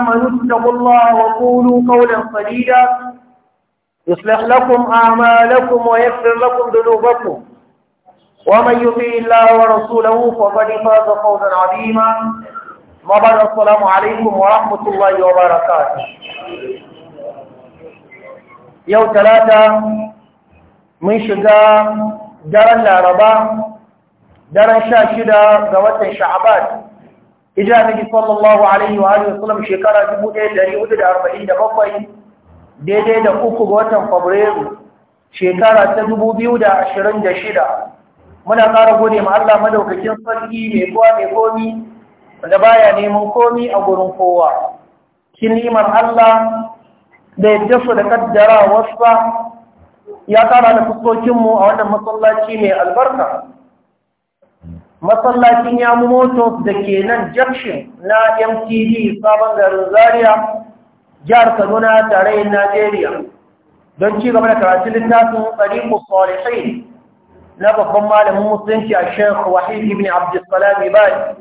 آمنوا اتقوا الله وقولوا قولا صديدا يصلح لكم أعمالكم ويغفر لكم ذنوبكم ومن يطيع الله ورسوله فقد فاز فوزا عظيما مبارك السلام عليكم ورحمة الله وبركاته يوم ثلاثة من شجاع دار العرباء دار الشاشدة دوات شعبات hijira nabi sallallahu alaihi wa alihi wasallam shekara 1447 daidai da uku ga watan fabrairu shekara ta 2026 muna ƙara gode ma Allah madaukakin sarki mai kowa mai komi da baya neman komi a gurin kowa kin liman Allah da yadda su da kaddara wasu ya ƙara da fuskokinmu a wannan masallaci mai albarka masallacin ya motos da ke nan jakshin na mtd sabon garin zaria jihar kaduna tarayyar najeriya don ci gaba da karatun littafin tsariku tsorisai na babban malamin musulunci a shekh wahid ibn abdulsalami ibadi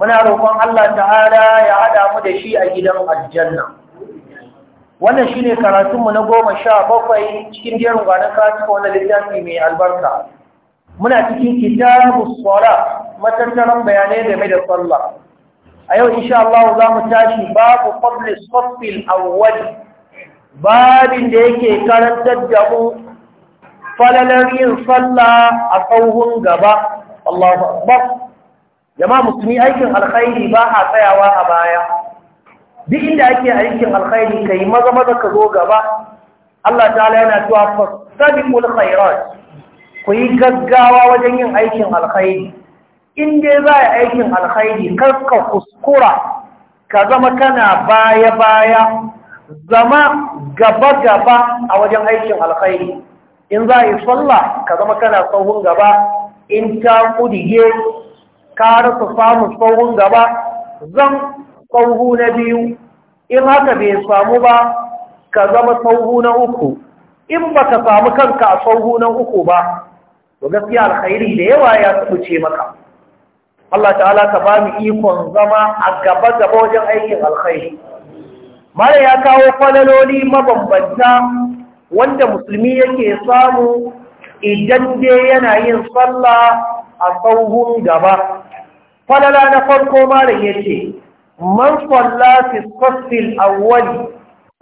muna roƙon allah ta'ala ya haɗa mu da shi a gidan aljanna wannan shine karatunmu na goma sha bakwai cikin jerin gwanon karatuka wani littafi mai albarka muna cikin kitabu sala matattaran bayanai game da sallah a yau insha Allah za mu tashi babu qabli a awwal babin da yake karantar da mu falalar yin sallah a tsauhun gaba Allahu musulmi aikin alkhairi ba a tsayawa a baya duk inda ake aikin alkhairi kai maza maza ka zo gaba Allah ta'ala yana cewa fastabiqul khairat ku yi gaggawa wajen yin aikin alkhairi in dai za a yi aikin alkhairi kar ka kuskura ka zama kana baya-baya zama gaba-gaba a wajen aikin alkhairi in za a yi sallah ka zama kana tsohon gaba in ta kudige ka rasa samun tsohon gaba zan tsoho na biyu in haka bai samu ba ka zama tsoho na uku in ba ka samu kanka a tsoho na uku ba to gaskiya alkhairi da yawa ya kuce maka Allah ta'ala ka bani ikon zama a gaba gaba wajen aikin alkhairi mara ya kawo falaloli mabambanta wanda musulmi yake samu idan dai yana yin sallah a sauhun gaba falala na farko malam yace man salla fi safil awwali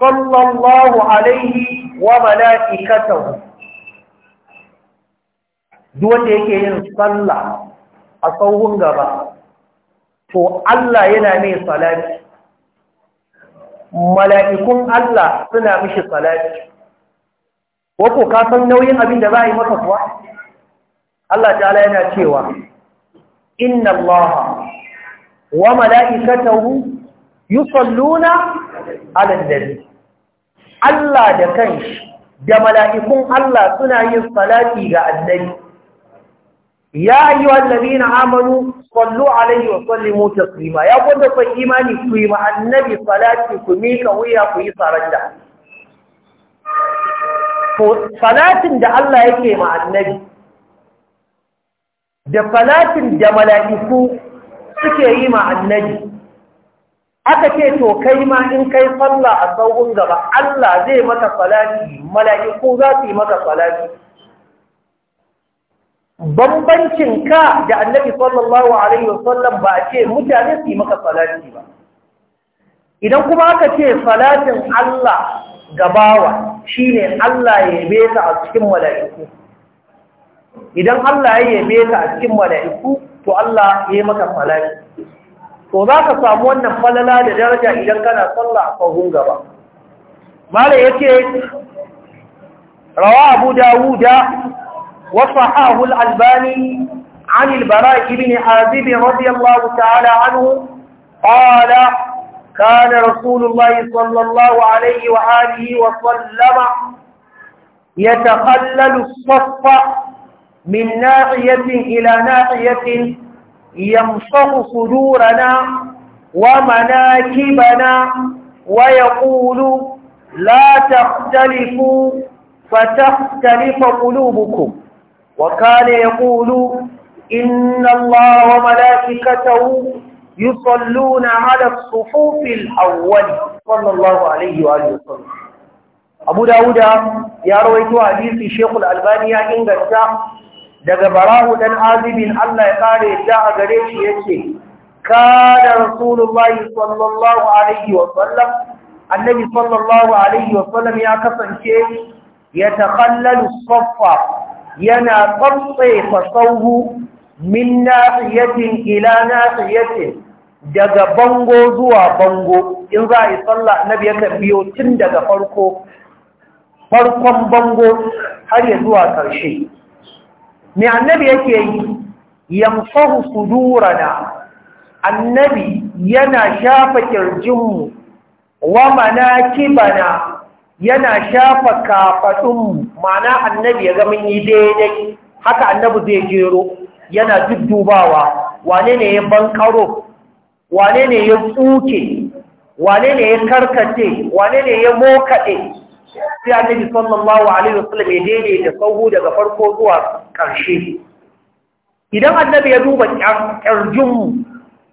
sallallahu alaihi wa malaikatahu duk wanda yake yin sallah a tsawon gaba to Allah yana mai salati mala'ikun Allah suna mishi salati wako ka san nauyin abin da za a yi maka kuwa Allah ta'ala yana cewa inna Allah wa mala'ikatahu yusalluna ala nabi Allah da kanshi da mala'ikun Allah suna yin salati ga annabi ya ayyuhal kwallo a nan alaihi wa mota taslima ya gwada kwan imani ku yi ma annabi salati ku mika wuya ku yi saranda to salatin da Allah yake ma annabi da salatin da mala'iku suke yi ma annabi aka ce to kai ma in kai salla a sauhun gaba Allah zai maka salati mala'iku za su yi maka salati bambancinka ka da annabi sallallahu alaihi wasallam ba a ce mutane su yi maka salati ba idan kuma aka ce salatin Allah gabawa shine Allah ya yabe ka a cikin mala'iku idan Allah ya yabe ka a cikin mala'iku to Allah ya yi maka salati to za ka samu wannan falala da daraja idan kana sallah a fahun gaba malai yake rawa Abu Dawuda وصحاه الألباني عن البراء بن عازب رضي الله تعالى عنه قال كان رسول الله صلى الله عليه وآله وسلم يتخلل الصف من ناحية إلى ناحية يمسح صدورنا ومناكبنا ويقول لا تختلفوا فتختلف قلوبكم وكان يقول إن الله وملائكته يصلون على الصفوف الأول صلى الله عليه وآله وسلم أبو داود يا رويت حديث شيخ الألباني إن قلت daga barahu dan azibin Allah ya kare da a gare shi yake Kada rasulullahi sallallahu alaihi wa sallam alaihi wa sallam ya kasance ya takhallalu saffa yana tsatsefa sauhu min nasiyatin ila nasiyatin daga bango zuwa bango in za a yi sallah annabi yakan biyo tun daga farko farkon bango har ya zuwa ƙarshe Me annabi yake yi yamfahu sudurana annabi yana shafa kirjinmu wa kibana yana shafa kafaɗunmu, mana annabi ya zama yi daidai haka annabi zai gero. yana duddubawa wane ne ya bankaro wane ne ya tsuke wane ne ya karkace wane ne ya mokaɗe sai annabi sallallahu alaihi wasallam ya daidaita sauhu daga farko zuwa ƙarshe idan annabi ya duba ƙyarjinmu,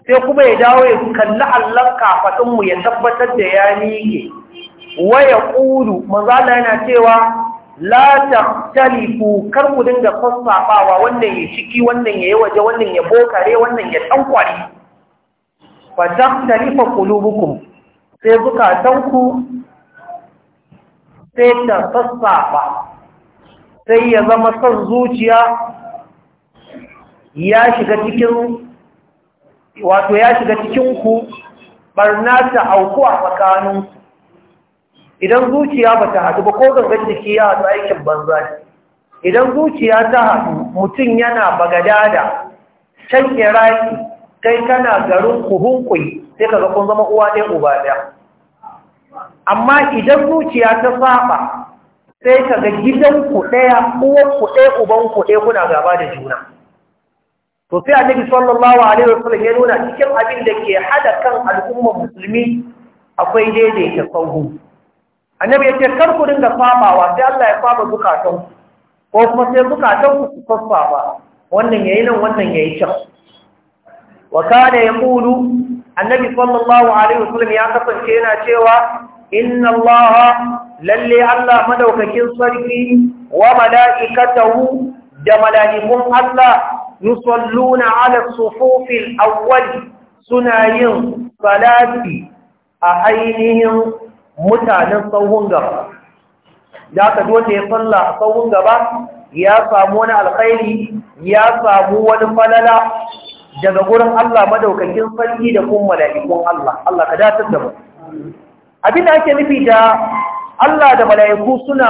sai kuma ya dawo ya kalli allon mu ya tabbatar da ya miƙe waya ƙudu manzala yana cewa la tahtalifu kar ku dinga sassafawa wannan ya shiki wannan ya yi waje wannan ya bokare wannan ya ba ta tahtalifa kulubukun. sai zukatanku sai ta sassafa sai ya zama son zuciya ya shiga cikin wato ya shiga cikin ku barna ta auku a tsakaninku idan zuciya ba ta haɗu ba ko gangan jiki ya haɗu aikin banza ne idan zuciya ta haɗu mutum yana da can iraki kai kana garin kuhunkuli sai ka zama uwa ɗaya uba ɗaya amma idan zuciya ta saba sai ka ga ku ɗaya ku ɗaya ku ɗaya kuna gaba da juna to sai annabi sallallahu alaihi wasallam ya nuna cikin abin da ke hada kan al'ummar musulmi akwai daidaita sauhu annabi ya ce kar ku dinga fafawa sai Allah ya faba zukatan ko kuma sai zukatan ku su wannan yayi nan wannan yayi can wa kana yaqulu annabi sallallahu alaihi wasallam ya kasance yana cewa inna Allah lalle Allah madaukakin sarki wa mala'ikatahu da mala'ikun Allah yusalluna ala sufufil awwal suna yin salati a ainihin mutanen tsohon gaba da aka dole ya salla a tsohon gaba ya samu wani alkhairi ya samu wani falala daga gurin Allah madaukakin sarki da kuma mala'ikun Allah Allah ka datar da mu abin da ake nufi da Allah da mala'iku suna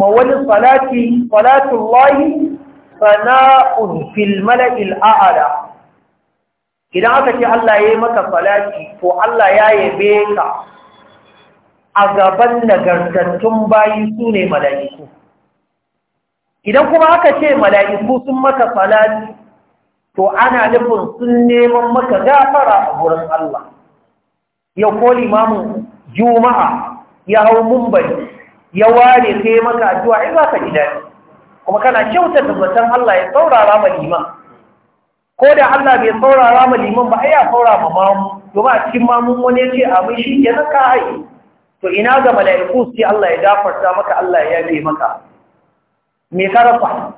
ma wani salati salatullahi sana'un fil mala'il a'ala idan aka ce Allah ya yi maka Falaci, to Allah ya yabe ka a gaban nagartattun bayi su ne mala'iku idan kuma aka ce mala'iku sun maka salati to ana nufin sun neman maka gafara a wurin Allah ya koli mamun juma'a ya hau mumbari ya ware kai maka addu'a in za ka gida ne, kuma kana kyauta tabbatan Allah ya saurara ma liman ko da Allah bai saurara ma liman ba ai ya saurara ma mamu domin a cikin mamun wani ya ce a mai shi ya ka aiki. to ina ga mala'iku sai Allah ya gafarta maka Allah ya yi maka me ka rasa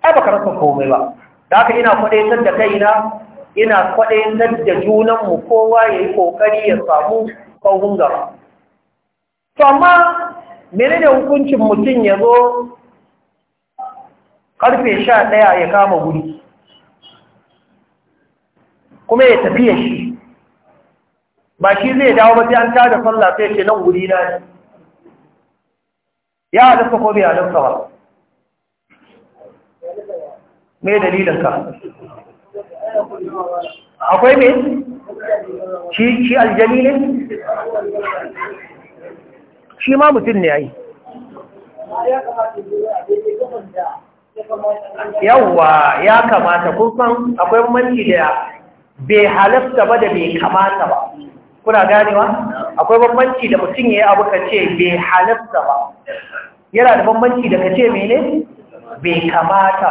ai baka rasa komai ba da haka ina kwadaitar da kaina ina kwadaitar da junan mu kowa yi kokari ya samu kawun gaba to amma da hukuncin mutum ya zo karfe sha ɗaya ya kama guri kuma ya tafiya shi ba shi zai dawo ba sai an tada sallah sai ce nan guri na ne ya su ko biya halatta ba me dalilin ka akwai me shi shi aljami ne shi ma mutum ne ai yawwa ya kamata kun san akwai manci da bai halasta ba da bai kamata ba kuna ganewa akwai bambanci da mutum ya yi abu ka ce bai halatta ba yana da bambanci da ka ce mene bai kamata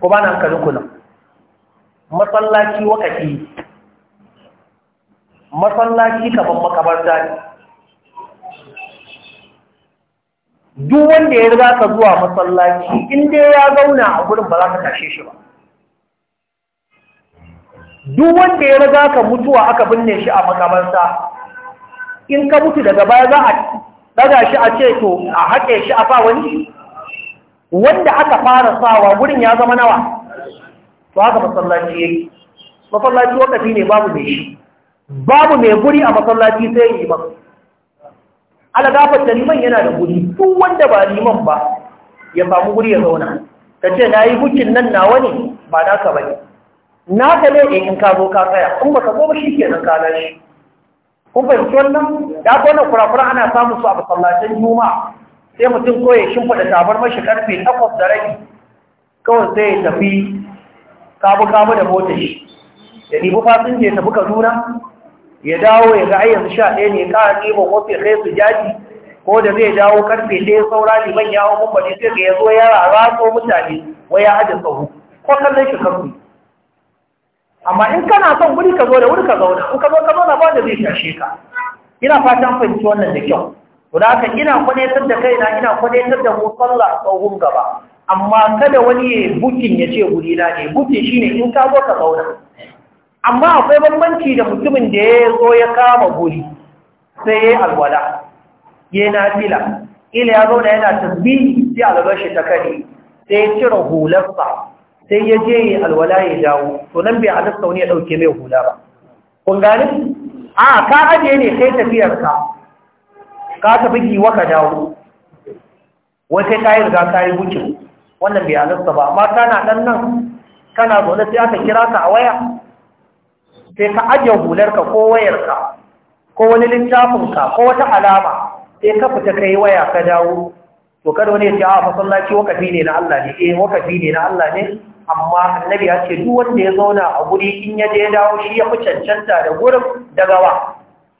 kuma nan kalukunan matsalaci wakati matsalaci kaban makamar zari duk wanda ya riga ka zuwa matsalaci inda ya zauna a gudun ba za ka tashe shi ba duk wanda ya raga ka mutuwa aka binne shi a makamansa in ka mutu daga baya za a daga shi a ce to a haƙe shi a fa wani wanda aka fara sawa wurin ya zama nawa to haka masallaci yake masallaci wakafi ne babu mai shi babu mai guri a masallaci sai yi imam alagafar da liman yana da guri duk wanda ba liman ba ya famu guri ya zauna ka ce na yi hukin nan nawa ne ba naka ba ne na ka ne in ka zo ka tsaya in ba ka zo ba shi ke nan kanar shi kun fahimci wannan ya aka wannan kurakura ana samun su a masallacin juma sai mutum ko ya shimfiɗa tabar mashi karfe takwas da rai kawai sai ya tafi kabu-kabu da mota shi ya ɗibi fasinja ya tafi ka kaduna ya dawo ya ga ayyanzu sha ɗaya ne ka ɗiban wasu ya kai su jaji ko da zai dawo karfe ɗaya saura liman ya hau mumbali sai ga ya zo ya ratso mutane wai ya hajji tsaho ko kallon shi karfe amma in kana son wuri ka zo da wuri ka zauna in ka zo ka zauna ba da zai shashe ka ina fatan fahimci wannan da kyau guda haka ina kwadaitar da kaina ina kwadaitar da mu sallah tsohon gaba amma kada wani ya bukin ya ce guri na ne bukin shine in ka zo ka zauna amma akwai bambanci da mutumin da ya zo ya kama guri sai ya yi alwala ya yi nafila ila ya zauna yana tasbihi sai albashi ta kare sai ya cire hularsa sai ya je yi alwala ya dawo to nan bai halatta wani ya dauke mai hula ba kun gani a ka ajiye ne kai tafiyar ka ka tafi giwa ka dawo wai kai ka yi riga ka yi bukin wannan bai a halatta ba amma kana dan nan kana zaune sai aka kira ka a waya sai ka ajiye hularka ko wayarka ko wani littafinka ko wata alama sai ka fita kai waya ka dawo to kada wani ya ce a fasallaci wakafi ne na Allah ne eh wakafi ne na Allah ne amma annabi ya ce duk wanda ya zauna a guri in ya je ya dawo shi ya fi cancanta da gurin daga wa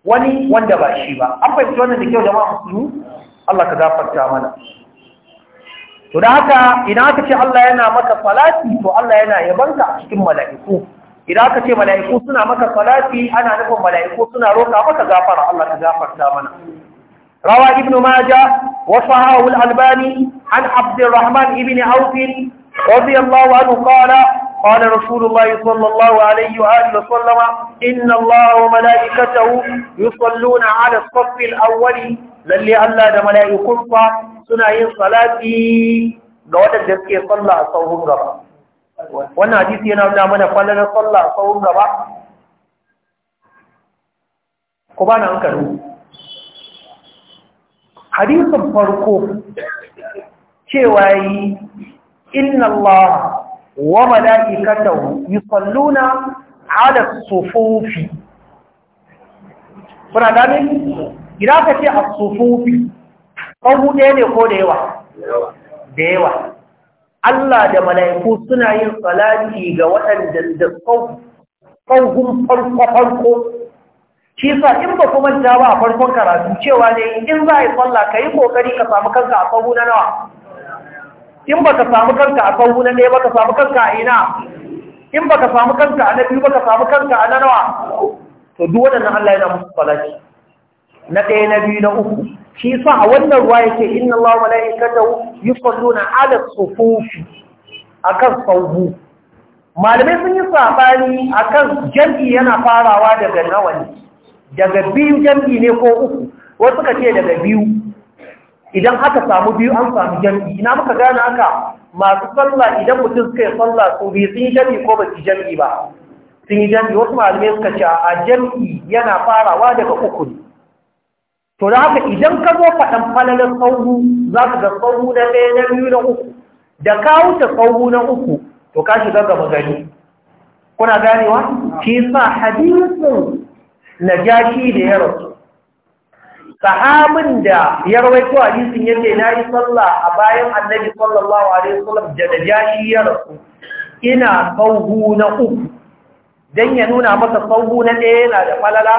wani wanda ba shi ba an fahimci wannan da kyau jama'a musulmi Allah ka gafarta mana to da haka idan aka ce Allah yana maka salati to Allah yana yabanka a cikin mala'iku idan aka ce mala'iku suna maka salati ana nufin mala'iku suna roƙa maka gafara Allah ka gafarta mana روى ابن ماجه وصححه الألباني عن عبد الرحمن بن عوف رضي الله عنه قال قال رسول الله صلى الله عليه وآله وسلم إن الله وملائكته يصلون على الصف الأول للي ألا ده ملائكم سنعين صلاتي قوات الجزء صلى صوهم ربا وانا حديث ينامنا من فلنا صلى صوهم ربا قبانا أنكروا حديث فرقوه شيء inna Allah wa mala'ikatahu yusalluna ala sufufi kuna gane Ina ka ce a sufufi ƙahu ɗaya ne ko da yawa da yawa Allah da mala'iku suna yin salati ga waɗanda da farko-farko Kisa in ba kuma ta ba a farkon karatu cewa ne in za a yi tsalla ka yi ƙoƙari ka samu kanka a ƙahu na nawa in baka samu kanka a sauhu na ne baka samu kanka a ina in baka samu kanka a na biyu baka samu kanka a nanawa? to duk waɗannan Allah yana musu falaki na ɗaya na biyu na uku shi sa a wannan ruwa yake inna Allah wa kwallo na ala sufufi kan sauhu malamai sun yi sabani kan jam'i yana farawa daga nawa ne daga biyu jam'i ne ko uku wasu ka ce daga biyu idan aka samu biyu an samu jami'i, ina muka gane haka masu sallah idan mutum suka yi sallah su biyu sun yi jami'i ko ba su jam'i ba sun yi jami'i, wasu malamai suka ce a jami'i yana farawa daga uku ne to da haka idan ka zo faɗan falalar sauru za ka ga sauru na ɗaya na biyu na uku da ka wuce sauru na uku to ka shiga gaba gari kuna ganewa shi sa hadisin najashi da ya rasu sahabin da ya rawaito hadisin yake na yi sallah a bayan annabi sallallahu alaihi wasallam da jashi ya rasu ina sauhu na uku don ya nuna masa sauhu na ɗaya yana da falala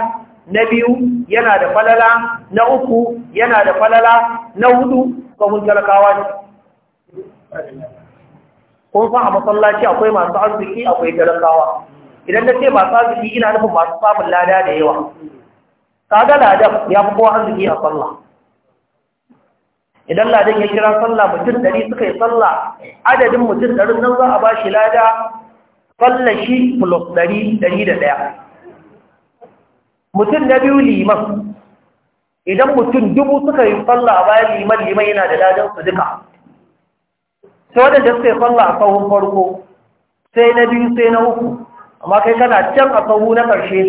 na biyu yana da falala na uku yana da falala na hudu sauhun talakawa ne kun fa a masallaci akwai masu arziki akwai talakawa idan da ce masu arziki ina nufin masu samun lada da yawa kaga ladan ya fi kowa arziki a sallah idan ladan ya kira sallah mutum ɗari suka yi sallah adadin mutum ɗarin nan za a ba shi lada sallah shi plus ɗari ɗari da ɗaya mutum na biyu liman idan mutum dubu suka yi sallah a bayan liman liman yana da ladan su duka sai waɗanda suka yi sallah a sahun farko sai na biyu sai na uku amma kai kana can a sahu na ƙarshe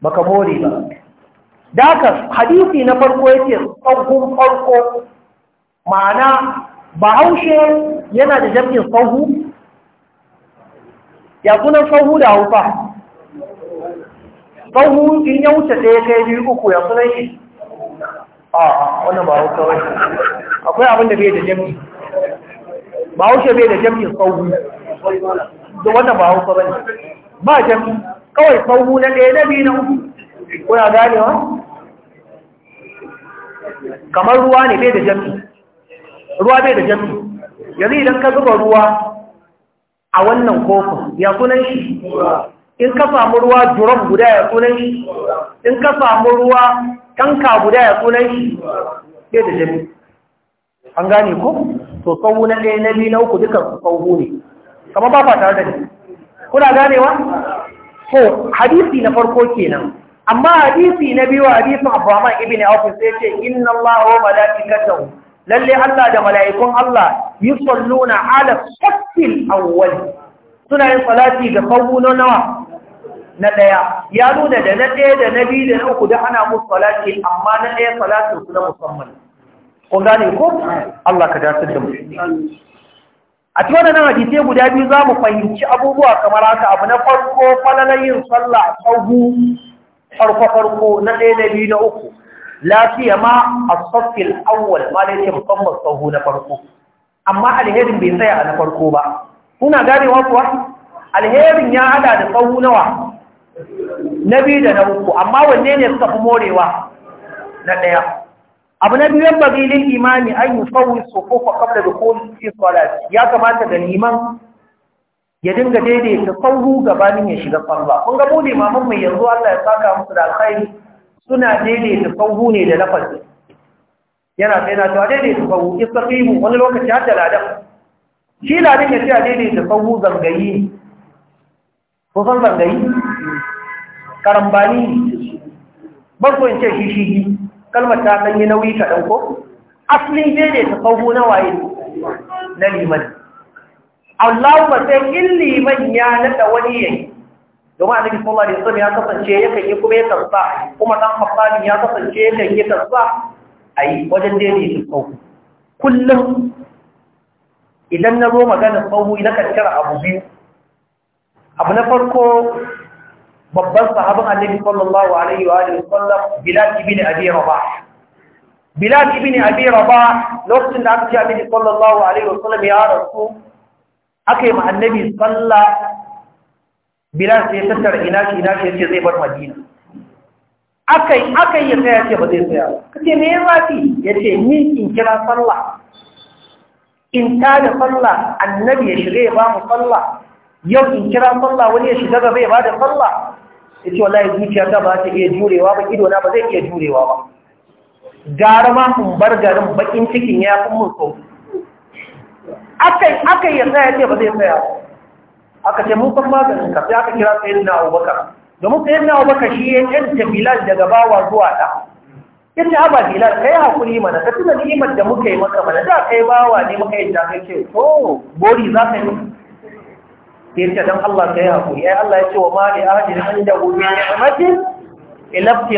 baka more ba da haka hadisi na farko yake tsohon farko ma'ana bahaushe yana da jam'in tsohu ya kuna tsohu da haufa tsohu in ya wuce ɗaya kai biyu uku ya kuna shi a wannan ba hausa wani akwai abin da bai da ba bahaushe bai da jam'in tsohu da wannan ba hausa ba ne ba jam'i kawai tsohu na ɗaya na biyu na uku kuna ganewa kamar ruwa ne bai da jami ruwa bai da jami yanzu idan ka zuba ruwa a wannan kofin ya sunan shi in ka samu ruwa duran guda ya sunan shi in ka samu ruwa tanka guda ya sunan shi bai da jami an gane ko to tsawo na ɗaya na biyu na uku duka tsawo ne kamar ba fata tare da ni kuna ganewa Ko hadisi na farko kenan amma hadisi na biyu hadisin Abraham ibn ofis ya ce inna Allah wa malaikatahu lalle Allah da malaikun Allah yi na ala safil awwali suna yin salati ga na nawa na daya ya nuna da na daya da na biyu da na uku da ana musu salati amma na daya salatin su na musamman kun gane ko Allah ka dace da mu a ci nan hadisai guda biyu za mu fahimci abubuwa kamar haka abu na farko falalayin sallah a farko farko na ɗaya na biyu na uku lafiya ma a safil awwal ma da yake musamman sahu na farko amma alherin bai tsaya a na farko ba kuna ganewa kuwa alherin ya hada da sahu nawa na biyu da na uku amma wanne ne suka fi morewa na ɗaya abu na biyan bagilin imani an yi fawon sofofa kabla da kowai ya kamata da liman ya dinga daidaita sauru gabanin ya shiga kwallo kun ga bude limaman mai yanzu Allah ya saka musu da alkhairi suna daidaita sauru ne da lafazi yana sai na cewa daidaita sauru istaqimu wani lokaci har da ladan shi ladan ya ce a daidaita sauru zangayi ko san zangayi karambani ba ko in ce shi shi kalmar ta ɗanyi nauyi kaɗan ko asalin daidaita sauru na waye na liman Allahumma sai in liman ya nada wani yayi domin annabi sallallahu alaihi wasallam ya kasance yakan yi kuma ya tarsa kuma dan fasali ya kasance yakan yi tarsa ai wajen da yake tsawo kullum idan na zo magana tsawo ina kan kira abu biyu abu na farko babban sahabin annabi sallallahu alaihi wa alihi wasallam bilal ibn abi rabah bilal ibn abi rabah lokacin da aka ce annabi sallallahu alaihi wasallam ya rasu aka yi annabi sallah bilal sai ya tattara ina shi ina shi ce zai bar madina aka yi aka yi tsaya ce ba zai tsaya ba kace me ya zafi ni in kira sallah in ta da sallah annabi ya shiga ya ba mu sallah yau in kira sallah wani ya shiga gaba ya ba da sallah ce wallahi zuciya ta ba ta iya jurewa ba ido na ba zai iya jurewa ba gara ma in bar garin bakin cikin ya fi mun sauki aka yi tsaye ce ba zai tsaya aka ce mukan maganin ka sai aka kira sayin na abubakar domin sayin na abubakar shi ya yi ta bilal daga bawa zuwa ta. ya ce haba bilal kai hakuri mana ka tuna ni'imar da muka yi maka mana da kai bawa ne muka yi jaka ce to bori za ka yi ya ce don Allah kai hakuri ai Allah ya ce wa ma li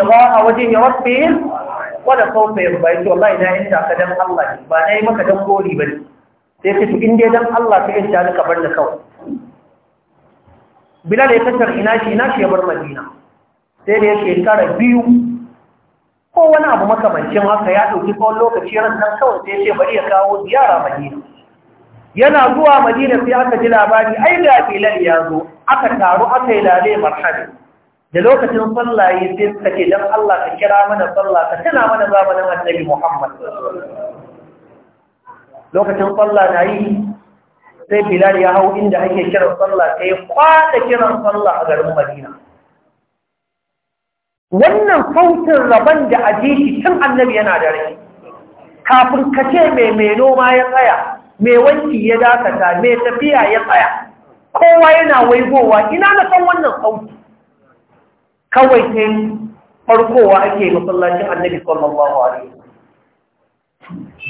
ba a wajen ya wasu ibtigha'a wadda sau wa ba sawfa ce wallahi na inda ka dan Allah ba na yi maka don bori ne. sai ka to in dai dan Allah ka yanta ni ka bar ni kawai bilal ya kasar ina shi ina shi ya bar madina sai da ya shekara biyu ko wani abu makamancin haka ya ɗauki tsawon lokaci ran nan kawai sai ce bari ya kawo ziyara madina yana zuwa madina sai aka ji labari ai da bilal ya zo aka taru aka yi lale marhabi da lokacin sallaye sai suka ce don Allah ka kira mana sallah ka tana mana zamanin annabi Muhammad lokacin sallah na yi sai bilal ya hau inda ake kiran sallah ta ya kwada kiran sallah a garin madina wannan sautin rabon da a jiki tun annabi yana da rai kafin kace mai mai noma ya tsaya mai wanki ya dakata mai tafiya ya tsaya kowa yana waigowa ina na san wannan sauti kawai sai farkowa ake masallacin annabi sallallahu alaihi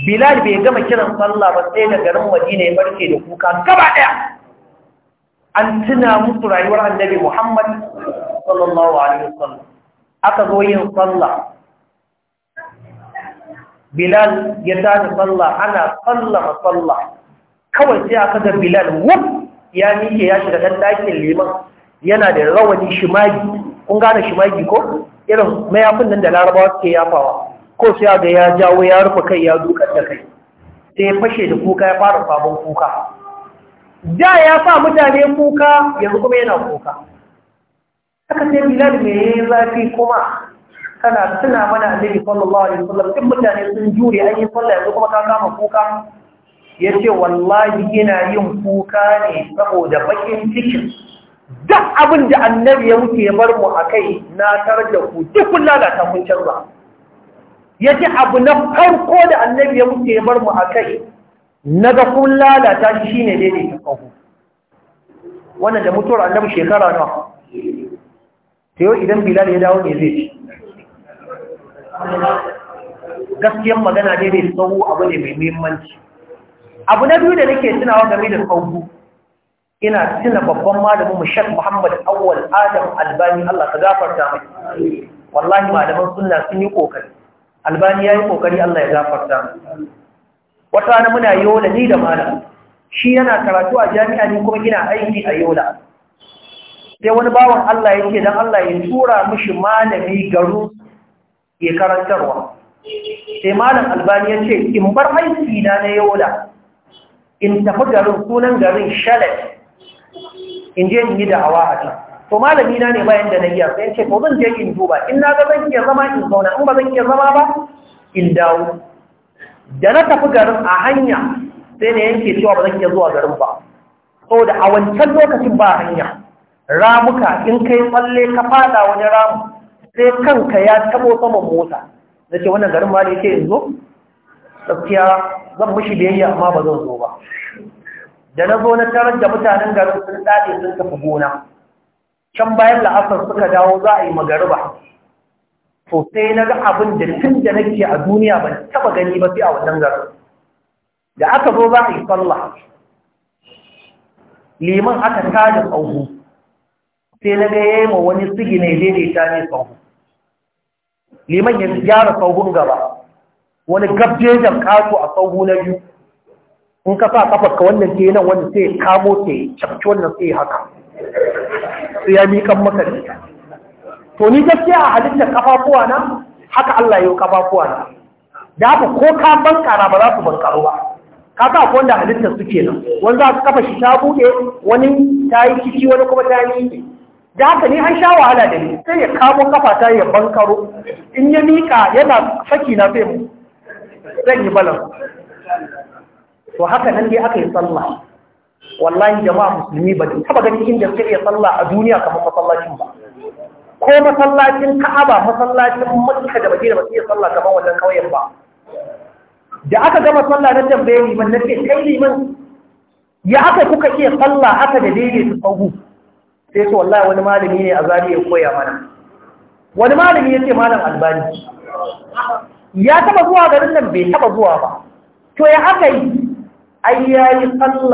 bilal bai gama kiran sallah ba sai da garin madina ya barke da kuka gaba ɗaya an tuna musu rayuwar annabi muhammad sallallahu alaihi wasallam aka zo yin sallah bilal ya tada sallah ana sallama sallah kawai sai aka ga bilal wuf ya miƙe ya shiga ɗan dakin liman yana da rawani shimagi kun gane shimagi ko irin mayafin nan da larabawa suke yafawa ko sai ga ya jawo ya rufe kai ya dukar da kai sai ya fashe da kuka ya fara sabon kuka da ya sa mutane kuka yanzu kuma yana kuka haka sai bilal ya zafi kuma kana tuna mana annabi sallallahu alaihi wasallam in mutane sun jure an yi sallah yanzu kuma ka kama kuka yace wallahi ina yin kuka ne saboda bakin cikin duk abin da annabi ya wuce ya bar mu akai na tar da ku duk kullala ta mun canza ya ce abu na farko da annabi ya mutu ya bar mu a kai na ga kun lalata shi shi ne daidaita ƙahu wannan da mutuwar annabi shekara nawa ta yau idan bilal ya dawo ne zai ci gaskiyan magana daidai tsawo abu ne mai muhimmanci abu na biyu da nake tunawa game da tsawo ina tuna babban malamin mu Sheikh Muhammad Awwal Adam Albani Allah ka gafarta mai wallahi malaman sunna sun yi kokari albani ya yi ƙoƙari Allah ya zafarta wata na muna yola ni da malam shi yana karatu a jami'a ne kuma ina aiki a yola sai wani bawan Allah ya ce don Allah ya tura mishi malami garu ya karantarwa sai malam albani ya ce in bar aiki na na yola in tafi garin sunan garin shalek in je in yi da'awa a can to malami na ne bayan da na sai ce ko zan je in duba in na ga zan iya zama in zauna in ba zan iya zama ba in dawo da na tafi garin a hanya sai na yanke cewa ba zan iya zuwa garin ba saboda a wancan lokacin ba hanya ramuka in kai tsalle ka fada wani ramu sai kanka ya tabo saman mota na wannan garin ma ne yake in zo gaskiya zan mishi biyayya amma ba zan zo ba da na zo na tarar da mutanen garin sun dade sun tafi gona can bayan la'asar suka dawo za a yi magariba to sai na ga abin da tun da nake a duniya ban taba gani ba sai a wannan garin da aka zo za a yi sallah liman aka tada tsawo sai na ga yayi ma wani sigine daidaita ne tsawo liman ya gyara tsawon gaba wani gabjejen kato a tsawo na biyu in ka sa kafarka wannan ke nan wani sai kamo sai cakci wannan sai haka sai ya miƙan maka da to ni gaskiya a halittar kafafuwa na haka Allah ya yi kafafuwa na da haka ko ka bankara ba za su bankaro ba ka sa ko wanda halittar suke nan. wani za su kafa shi ta buɗe wani ta yi ciki wani kuma ta yi da haka ne an sha wahala da ni sai ya kamo kafa ta ya bankaro in ya miƙa yana saki na sai yi balan to haka nan dai aka yi sallah wallahi jama'a musulmi ba ta taba ganin inda suka iya sallah a duniya kamar masallacin ba ko masallacin ka'aba masallacin makka da madina ba su iya sallah kamar wannan kauyen ba da aka gama sallah na tambaye liman na ce kai liman ya aka kuka iya sallah aka da daidaita sahu sai su wallahi wani malami ne a zari ya koya mana wani malami ya ce malam albani ya taba zuwa garin nan bai taba zuwa ba to ya aka yi ai yayi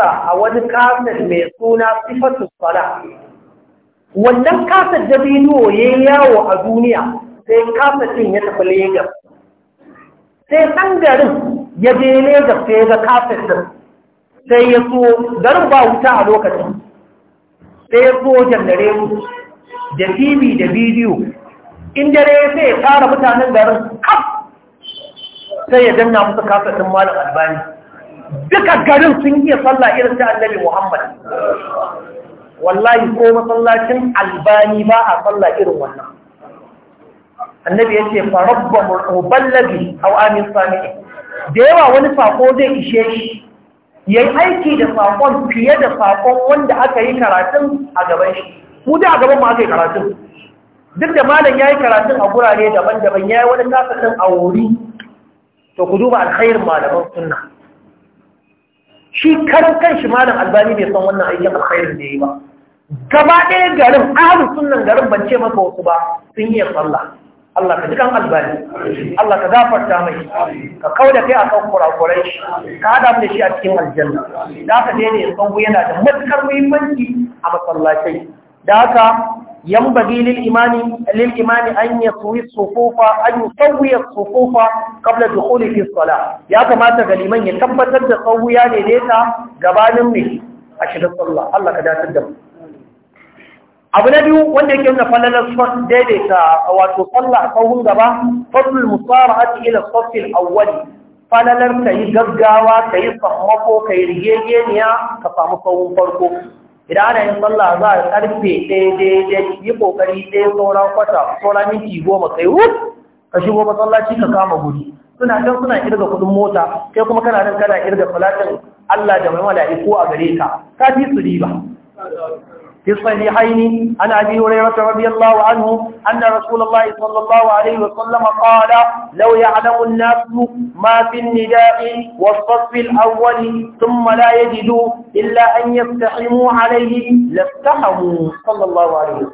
a wani kasar mai suna sifatu tsala wannan kasar da bidiyo ya yi yawo a duniya sai din ya tafi Legas. sai san garin ya je Legas sai ga kasar din sai ya so garin ba wuta a lokacin sai ya so jandare da TV da bidiyo in dare sai ya fara mutanen garin kaf sai ya danna musu kasar din malam albani duka garin sun iya sallah irin ta annabi Muhammad wallahi ko masallacin albani ba a sallah irin wannan annabi ya ce farabba muballabi aw amin sami'i da yawa wani sako zai ishe shi yayi aiki da sakon fiye da sakon wanda aka yi karatun a gaban shi mu da a gaban mu aka yi karatun duk da malam yayi karatun a gurare daban-daban yayi wani nasa a wuri to ku duba alkhairin malaman sunna shi kan shi malam albani bai san wannan aikin alkhairin da yi ba gaba ɗaya garin ahlus sunnan garin ban ce maka wasu ba sun yi sallah Allah ka ji kan albani Allah ka gafarta mai ka kauda kai akan kurakurai shi ka hada mu da shi a cikin aljanna da ka daina ne sangu yana da matukar muhimmanci a masallacai da haka ينبغي للإمام, للإمام أن يسوي الصفوف أن يسوي الصفوف قبل دخول في الصلاة يا كما تغليمين يتبت تسويا لديتا قبال منه أشهد الصلاة الله كذا biyu wanda yake nuna falalar daidaita wato sallah sauhun gaba fasul musara hati ila sassil awwali falalar ka yi gaggawa ka yi sammako ka yi ka samu sauhun farko idan ana yin sallah za a karfe ɗaya daidai yi kokari ɗaya sauran kwata sauran minti goma kai wut ka shigo masallaci ka kama guri suna can suna irga kuɗin mota kai kuma kana nan kana irga falatin Allah da mai mala'iku a gare ka ka fi su riba في الصحيحين عن أبي هريرة رضي الله عنه أن رسول الله صلى الله عليه وسلم قال لو يعلم الناس ما في النداء والصف الأول ثم لا يجدوا إلا أن يستحموا عليه لاستحموا صلى الله عليه وسلم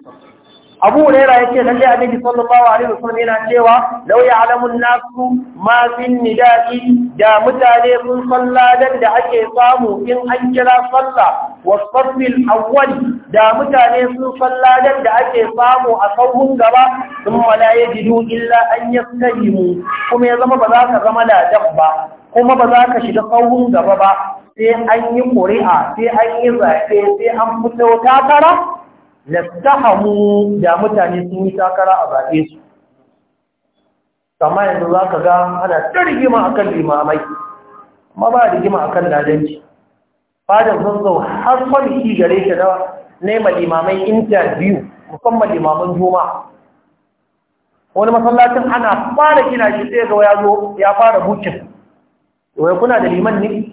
abu huraira yake lalle annabi sallallahu alaihi wasallam yana cewa law ya'lamun nasu ma fin nida'i da mutane sun dan da ake samu in an kira salla wa safil awwal da mutane sun dan da ake samu a sauhun gaba thumma la yajidu illa an yastahimu kuma ya zama ba za ka zama da dabba, kuma ba za ka shiga sauhun gaba ba sai an yi ƙuri'a sai an yi zaɓe sai an fito takara nastahamu da mutane sun yi takara a zaɓe su kama yanzu za ka ga ana ta rigima a kan limamai ma ba rigima akan kan dajanci fadar sun zo har kwaliki gare shi na nema limamai interview musamman limaman juma wani masallacin ana fara kina shi sai ga ya ya fara bukin wai kuna da liman ne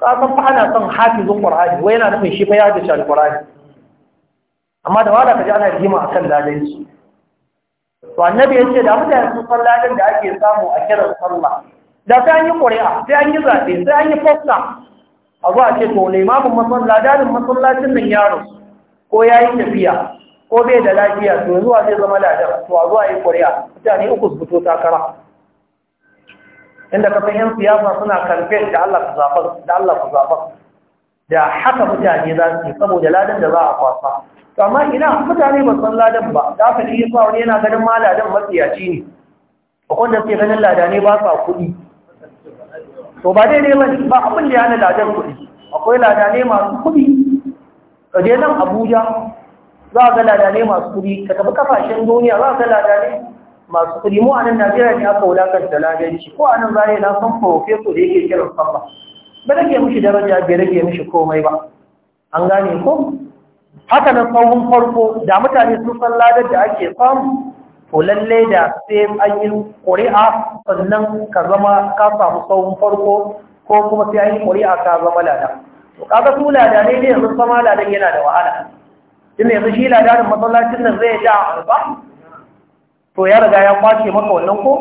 ka san fa ana son hafizun qur'ani wai yana nufin shi fa ya da shi alqur'ani amma da ka kaji ana rigima a kan ladanci to annabi ya ce da mutane sun san ladan da ake samu a kiran sallah da sai an yi ƙuri'a sai an yi zaɓe sai an yi fasta a zuwa ce to limamin masalladarin masallacin nan yaro ko ya yi tafiya ko bai da lafiya to zuwa zai zama ladan to a zuwa yi ƙuri'a mutane uku su fito takara inda ka 'yan siyasa suna kamfen da Allah ku zafar da haka mutane za su yi saboda ladan da za a kwasa amma ina mutane ba san ladan ba da aka yi yasa wani yana ganin ma ladan matsiyaci ne akwai da suke ganin ladane ba sa kuɗi to ba dai dai ba abin da yana ladan kuɗi akwai ladane masu kuɗi kaje nan Abuja za ga ladane masu kuɗi ka tafi kafashen duniya za ga ladane masu kuɗi mu a nan Najeriya ne aka wulakanta ladanci ko a nan zare na san professor da yake kiran sama ba rage mishi daraja bai rage mishi komai ba an gane ko haka na tsawon farko da mutane sun san ladar da ake samu to lalle da sai an yi ƙuri'a sannan ka zama ka samu tsawon farko ko kuma sai an yi ƙuri'a ka zama lada to kaga su lada ne ne yanzu sama ladan yana da wahala tun yanzu shi ladarin masallacin nan zai ja alba to ya riga ya kwace maka wannan ko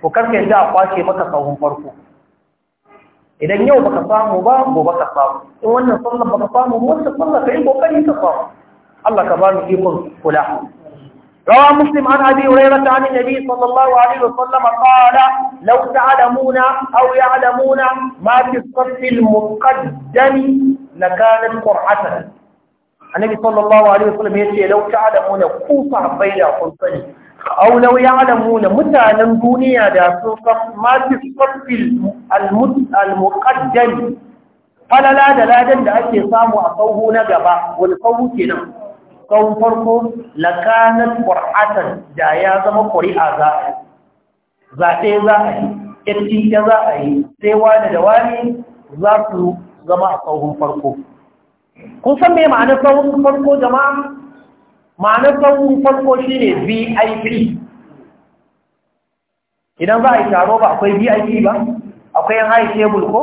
to karka yanzu a kwace maka tsawon farko إذا yau baka samu ba gobe ka samu in wannan sallar baka samu ba wannan sallar ka yi kokari ka samu روى مسلم عن أبي هريرة عن النبي صلى الله عليه وسلم قال لو تعلمون أو يعلمون ما في الصف المقدم لكانت قرعة النبي صلى الله عليه وسلم يقول لو تعلمون كوفا بين قلتني aulau ya alamuna mutanen duniya da su masu tsoffil al-muqaddari falala da ladan da ake samu a sauhu na gaba wani sauhu nan. sauhun farko lakanan ƙwar'atan da ya zama ƙuri'a za a yi zaɓe za a yi ƙirƙirƙe za a yi sai wani da wani za su zama a sauhun farko kun san mai ma'anar sauhun farko jama'a ma'anar wurin farko shi ne vip idan za a yi taro ba akwai vip ba akwai yan high table ko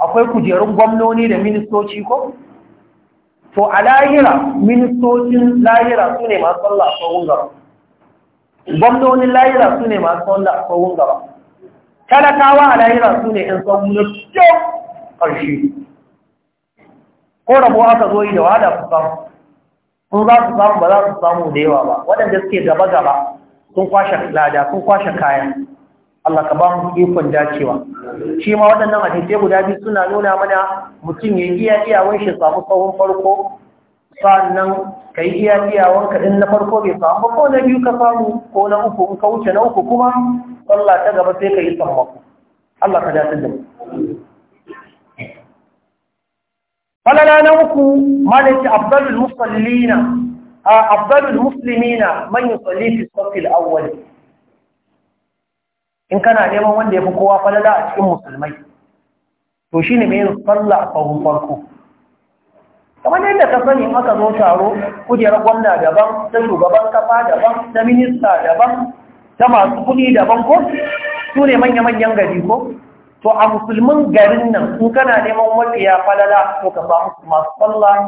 akwai kujerun gwamnoni da ministoci ko to a lahira ministocin lahira su ne masu tsalla a tsohon gaba gwamnonin lahira su ne masu tsalla a tsohon gaba talakawa a lahira su ne yan tsawon na cikin ƙarshe ko rabuwa aka zo yi da wada kusan kun za su samu ba za su samu da yawa ba waɗanda suke gaba-gaba sun kwashe lada sun kwashe kayan Allah ka ba mu ikon dacewa shi ma waɗannan hadisai guda biyu suna nuna mana mutum ya iya iyawan shi samu tsawon farko sannan ka yi iya iyawan ka na farko bai samu ba ko na biyu ka samu ko na uku in ka wuce na uku kuma sallah ta gaba sai ka yi sammako Allah ka dace da mu falala na uku malaki afdalul musallina afdalul muslimina man yusalli fi safil awwal in kana neman wanda fi kowa falala a cikin musulmai to shine mai sallah a kamar yadda ka sani aka zo taro kujerar gwamna daban ta shugaban kafa daban ta minista daban ta masu kuɗi daban ko su ne manya-manyan gari ko to a musulmin garin nan in kana neman wani ya falala to ka samu masu sallah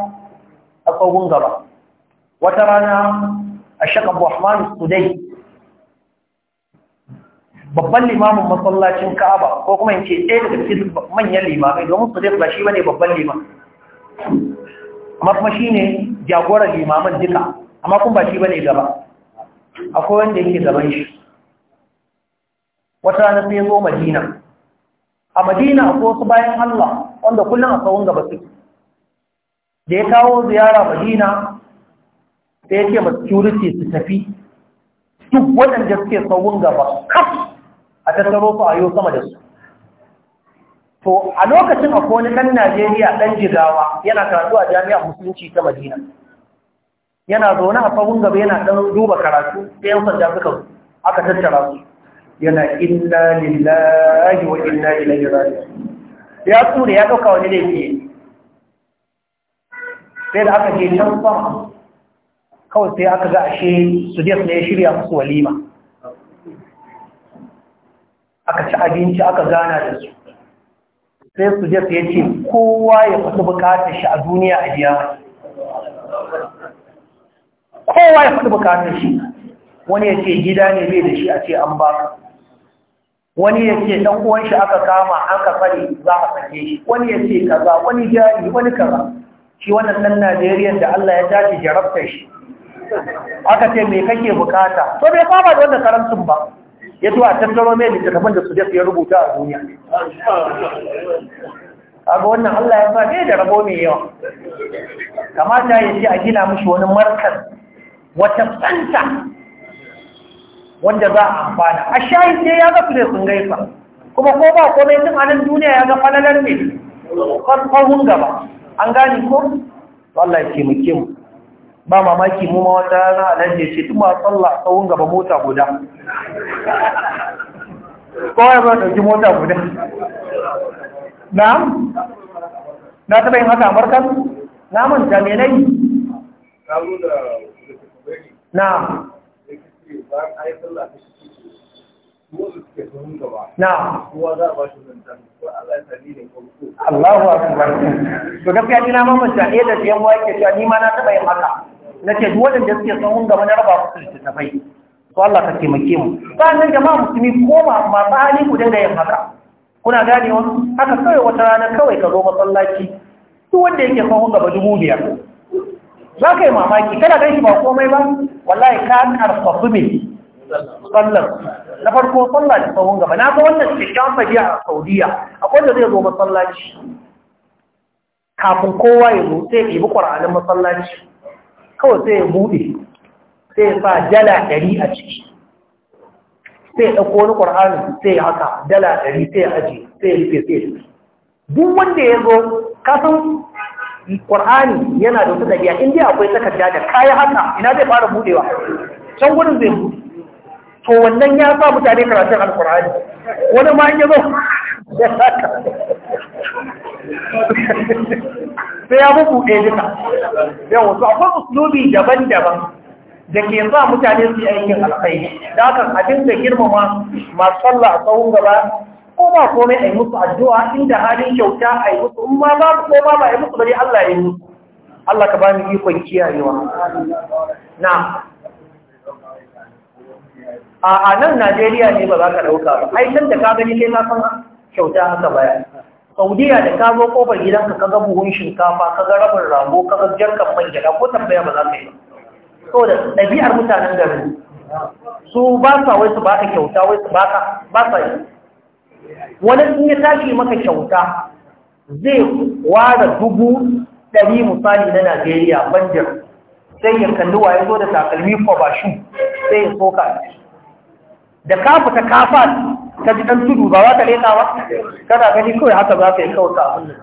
a tsohon gaba wata rana a shaka buhman sudai babban limamin masallacin ka'aba ko kuma in ce ɗaya daga cikin manyan limamai domin su ba shi ne babban liman amma kuma shi ne jagoran limamin duka amma kuma ba shi ne gaba akwai wanda yake gaban shi wata rana sai zo madina a madina akwai wasu bayan Allah wanda kullum a tsawon gaba suke da ya kawo ziyara madina ta ya ce su tafi duk waɗanda suke tsawon gaba kaf a tattaro su a yau sama da su to a lokacin akwai wani ɗan najeriya ɗan jigawa yana karatu a jami'ar musulunci ta madina yana zaune a tsawon gaba yana ɗan duba karatu sai yan sanda suka aka tattara su yana inna lillahi wa inna ilaihi raji'un ya tsure ya dauka wani laifi sai da aka je can sama kawai sai aka ga ashe su dai ne shirya musu walima aka ci abinci aka gana da su sai su je su yace kowa ya faɗi bukatar shi a duniya a biya kowa ya faɗi bukatar shi wani ya ce gida ne bai da shi a ce an baka wani ya ce ɗan uwan shi aka kama aka fari za a sake shi wani ya ce kaza wani jari wani kaza shi wannan ɗan Najeriya da Allah ya tashi jarabta shi aka ce me kake bukata to bai fama da wannan karamcin ba ya zuwa tattaro mai littattafan da su da ya rubuta a duniya aga wannan Allah ya sa da rabo mai yawa kamata ya ce a gina mishi wani markar wata tsanta wanda za a amfana a shayin ce ya ga fule sun gaisa kuma ko ba komai tun a nan duniya ya ga falalar ne farkon gaba an gane ko Allah ke muke mu ba mamaki mu ma wata rana nan ce tun ma sallah tsawon gaba mota guda ya ba ɗauki mota guda na na taɓa yin haka amurkan na manta menai na na Allahu akbar to gaskiya ni na mamanta eh da yan wa yake cewa ni ma na taba yin haka nace duk wanda suke tsohon gaba na raba su littattafai to Allah ka taimake mu sannan jama'a musulmi ko ma masu hali ku dinga yin haka kuna ganewa haka kawai wata rana kawai ka zo masallaci duk wanda yake tsohon gaba dubu biyar za ka yi mamaki kada gan shi ba komai ba wallahi ka karfafi mai sallar na farko sallar da tsawon gaba na ga wannan cikin fadi a saudiya akwai da zai zo masallaci kafin kowa ya zo sai ya ɗibi ƙwararren masallaci kawai sai ya buɗe sai ya sa dala ɗari a ciki sai ya ɗauko wani ƙwararren sai ya haka dala ɗari sai ya aji sai ya rufe sai ya rufe duk wanda ya zo kasan Kur'ani yana da wata dabi'a in akwai takarda da kayan haka ina zai fara buɗewa? can gurin zai buɗe. to wannan ya sa mutane karatun al alkur'ani wani ma ya zo ya saka sai ya buku ɗaya duka yau su akwai uslubi daban-daban da ke sa mutane su yi aikin alkai da aka abin da girmama masu sallah a tsawon gaba ko ba komai a yi musu addu'a inda halin kyauta a yi musu umma ba ko ba ba a yi musu bari Allah ya yi musu Allah ka ba mu ikon kiyayewa na a a nan Najeriya ne ba za ka ɗauka ba ai da ka gani kai ka san kyauta haka baya Saudiya da ka zo kofar gidanka ka ga buhun shinkafa ka ga rabin rago ka ga jarkan man gyaɗa ko tambaya ba za ka yi ba da ɗabi'ar mutanen garin su ba sa wai su ba ka kyauta wai su ka ba sa yi wani in ya tashi maka kyauta zai ware dubu ɗari misali na Najeriya banjar sai ya kalli wa ya zo da takalmi ko ba shi sai ya soka da kafata ta kafa ta ji tudu ba za ka ba kana gani kawai haka za ka yi kauta abin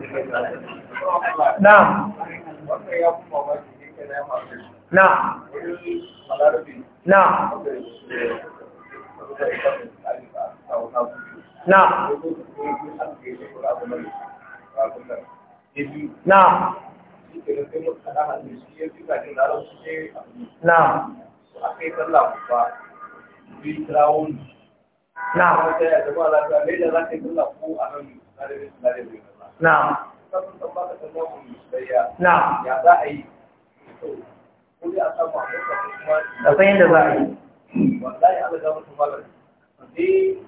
na na na na na na na na Na. Na. Na. Na. da Na. Na. Na. Na. Na.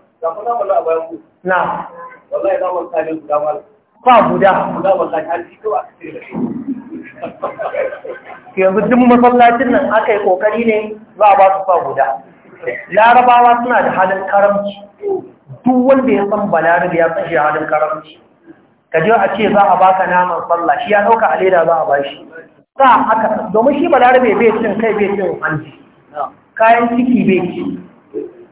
na wallahi kare guda mal guda guda wallahi har shi yanzu duk masallacin nan aka yi kokari ne za a ba su fa guda larabawa suna da halin karamci duk wanda ya san balarabe ya san shi halin karamci ka je a ce za a baka naman sallah shi ya dauka a leda za a bashi sa aka domin shi balarabe bai cin kai bai cin hanji kayan ciki bai ci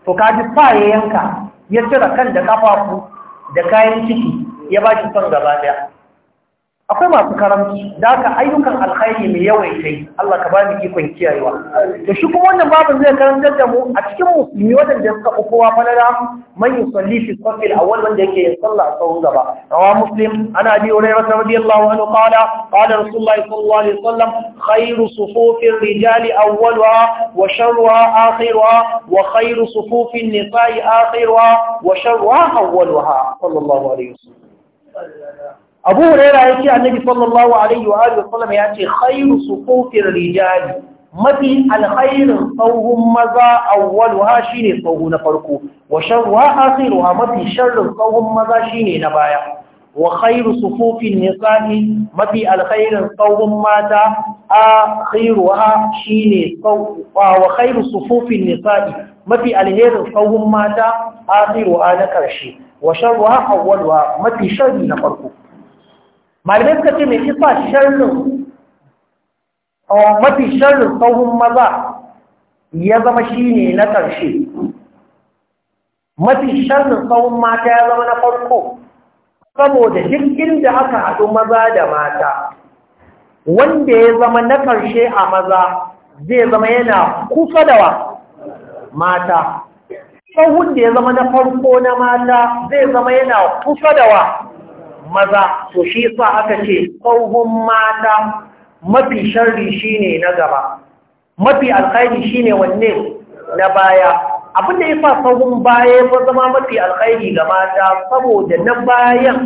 to kaji fa ya yanka ya cire kan da kafafu da kayan ciki ya ba shi son gaba daya akwai masu karamci da aka ayyukan alkhairi mai yawai kai Allah ka ba mu ikon kiyayewa da shi kuma wannan babu zai karantar da mu a cikin musulmi wadanda suka fi kowa falala man yusalli fi safil awwal wanda yake yin sallah a tsawon gaba rawa muslim ana bi hurairah radiyallahu anhu qala qala rasulullahi sallallahu alaihi wasallam khairu sufufir rijali awwaluha wa sharruha akhiruha wa khairu sufufin nisa'i akhiruha wa sharruha awwaluha sallallahu alaihi wasallam abu huraira ya ce annabi sallallahu alaihi wa alihi ya ce khairu sufufin rijali mafi alkhairin tsawon maza awwaluha shine tsawo na farko wa sharruha akhiruha mafi sharrin tsawon maza shine na baya wa khairu sufufin nisa'i mafi alkhairin tsawon mata akhiruha shine wa khairu sufufin nisa'i mafi alherin tsawon mata akhiruha na karshe wa sharruha awwaluha mafi sharri na farko malamai suka ce mai isa sharrin mafi sharrin tsohon maza ya zama shi ne na ƙarshe mafi sharrin tsohon mata ya zama na farko saboda duk inda aka haɗu maza da mata wanda ya zama na ƙarshe a maza zai zama yana kusa da wa mata tsawon da ya zama na farko na mata zai zama yana kusa da wa maza to shi sa aka ce tsohon mata mafi sharri shine na gaba mafi alkhairi shine wanne na baya abinda ya sa tsohon baya ya zama mafi alkhairi ga mata saboda na bayan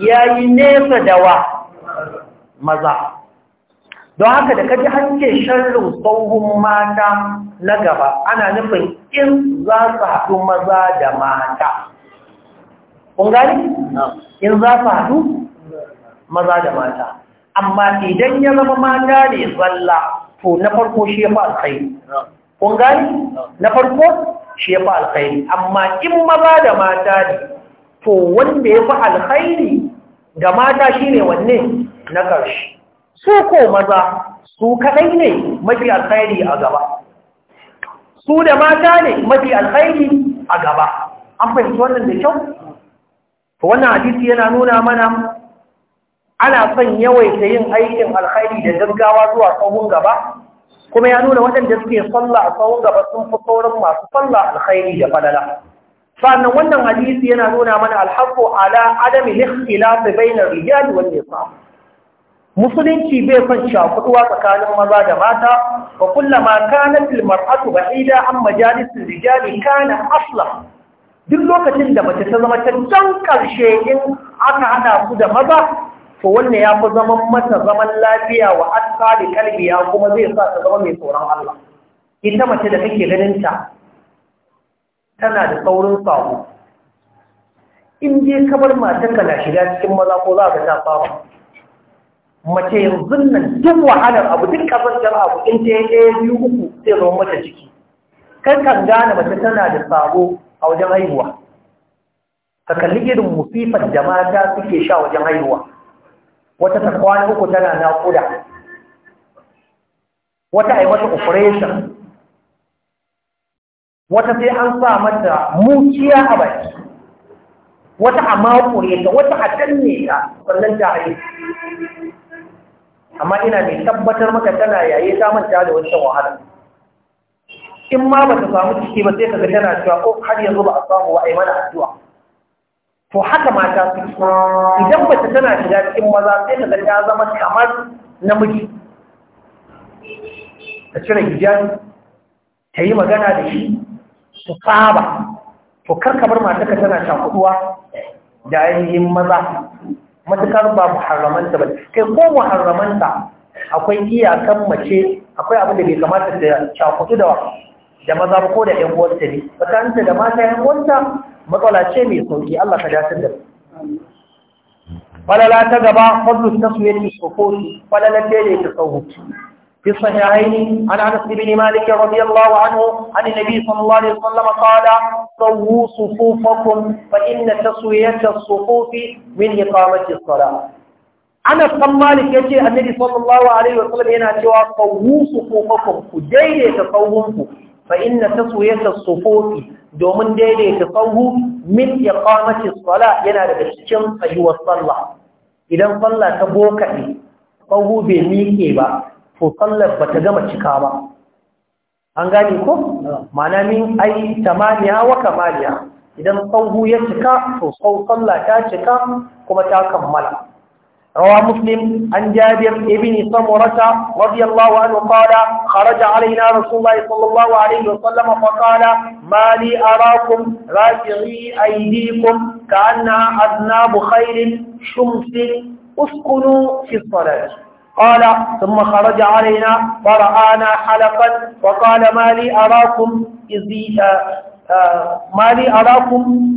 ya yi nesa da wa maza don haka da kaji hanke sharrin tsohon mata na gaba ana nufin in za su haɗu maza da mata kun gani in za su haɗu maza da mata amma idan ya zama mata ne zalla to na farko shi ya fi alkhairi kun gani na farko shi ya fi alkhairi amma in maza da mata ne to wanda ya fi alkhairi ga mata shi ne wanne na ƙarshe su ko maza su kaɗai ne mafi alkhairi a gaba su da mata ne mafi alkhairi a gaba an fahimci wannan da kyau wannan hadisi yana nuna mana ana son yawaita yin aikin alkhairi da gaggawa zuwa tsawon gaba kuma ya nuna waɗanda suke sallah a tsawon gaba sun fi sauran masu sallah alkhairi da falala sannan wannan hadisi yana nuna mana alhaqqu ala adami al-ikhtilaf bayna ar-rijal nisa musulunci bai son shafuduwa tsakanin maza da mata wa kullama kanat al-mar'atu ba'ida an majalisin rijali kana aslah duk lokacin da mace ta zama ta can ƙarshe in aka hada su da maza to wannan ya fi zaman mata zaman lafiya wa asali da ya kuma zai sa ta zama mai tsoron Allah ita mace da kake ganin ta tana da saurin samu in je kamar ka na shiga cikin maza ko za ka ta fara mace yanzu nan duk wahalar abu duk kasar abu in ta yi ɗaya biyu uku sai zama mata ciki kan kan gane mace tana da sabo a wajen haihuwa ka kalli irin musifar da mata suke sha wajen haihuwa wata ta kwana uku tana naƙuda wata a yi mata operation wata sai an sa mata muciya a baki wata a makure ta wata a danne ta sannan ta haihu amma ina mai tabbatar maka tana yaye ta manta da wancan wahala in ma ba ta samu ciki ba sai ka ga tana cewa ko oh, har yanzu ba a samu wa a yi mana addu'a to haka mata su idan ba ta tana shiga cikin maza sai ka ga ta zama kamar namiji ta cire hijabi ta yi magana da shi su saba to kar ka bar mata ka tana shakuduwa da ainihin maza matukar ba muharramanta ba kai ko haramanta. akwai iyakan mace akwai abin da bai kamata ta shakudu da da maza ba ko da ƴan uwarta ne tsakaninta da mata ƴan uwarta matsala ce mai sauki Allah ka dace da falala ta gaba fadlus tasmiyati sufufi falala ta ne ta tsahuci في الصحيحين عن انس بن مالك رضي الله عنه عن النبي صلى الله عليه وسلم قال صووا صفوفكم فان تسويه الصفوف من اقامه الصلاه Anas ɗan Malik ya ce annabi sallallahu alaihi wasallam yana cewa sawu sufufakum ku daidaita sauhunku fa inna taswiyata sufufi domin daidaita tsauhu min iqamati sala yana daga cikin tsayuwar sallah idan sallah ta bokade sahu bai miƙe ba to sallar bata gama cika ba an gane ko ma'ana min ai tamaniya wa kamaliya idan sahu ya cika to sallah ta cika kuma ta kammala روى مسلم عن جابر بن سمرة رضي الله عنه قال خرج علينا رسول الله صلى الله عليه وسلم فقال ما لي أراكم راجعي أيديكم كأنها أذناب خير شمس اسكنوا في الصلاة قال ثم خرج علينا فرآنا حلقا وقال ما لي أراكم آه، ما لي أراكم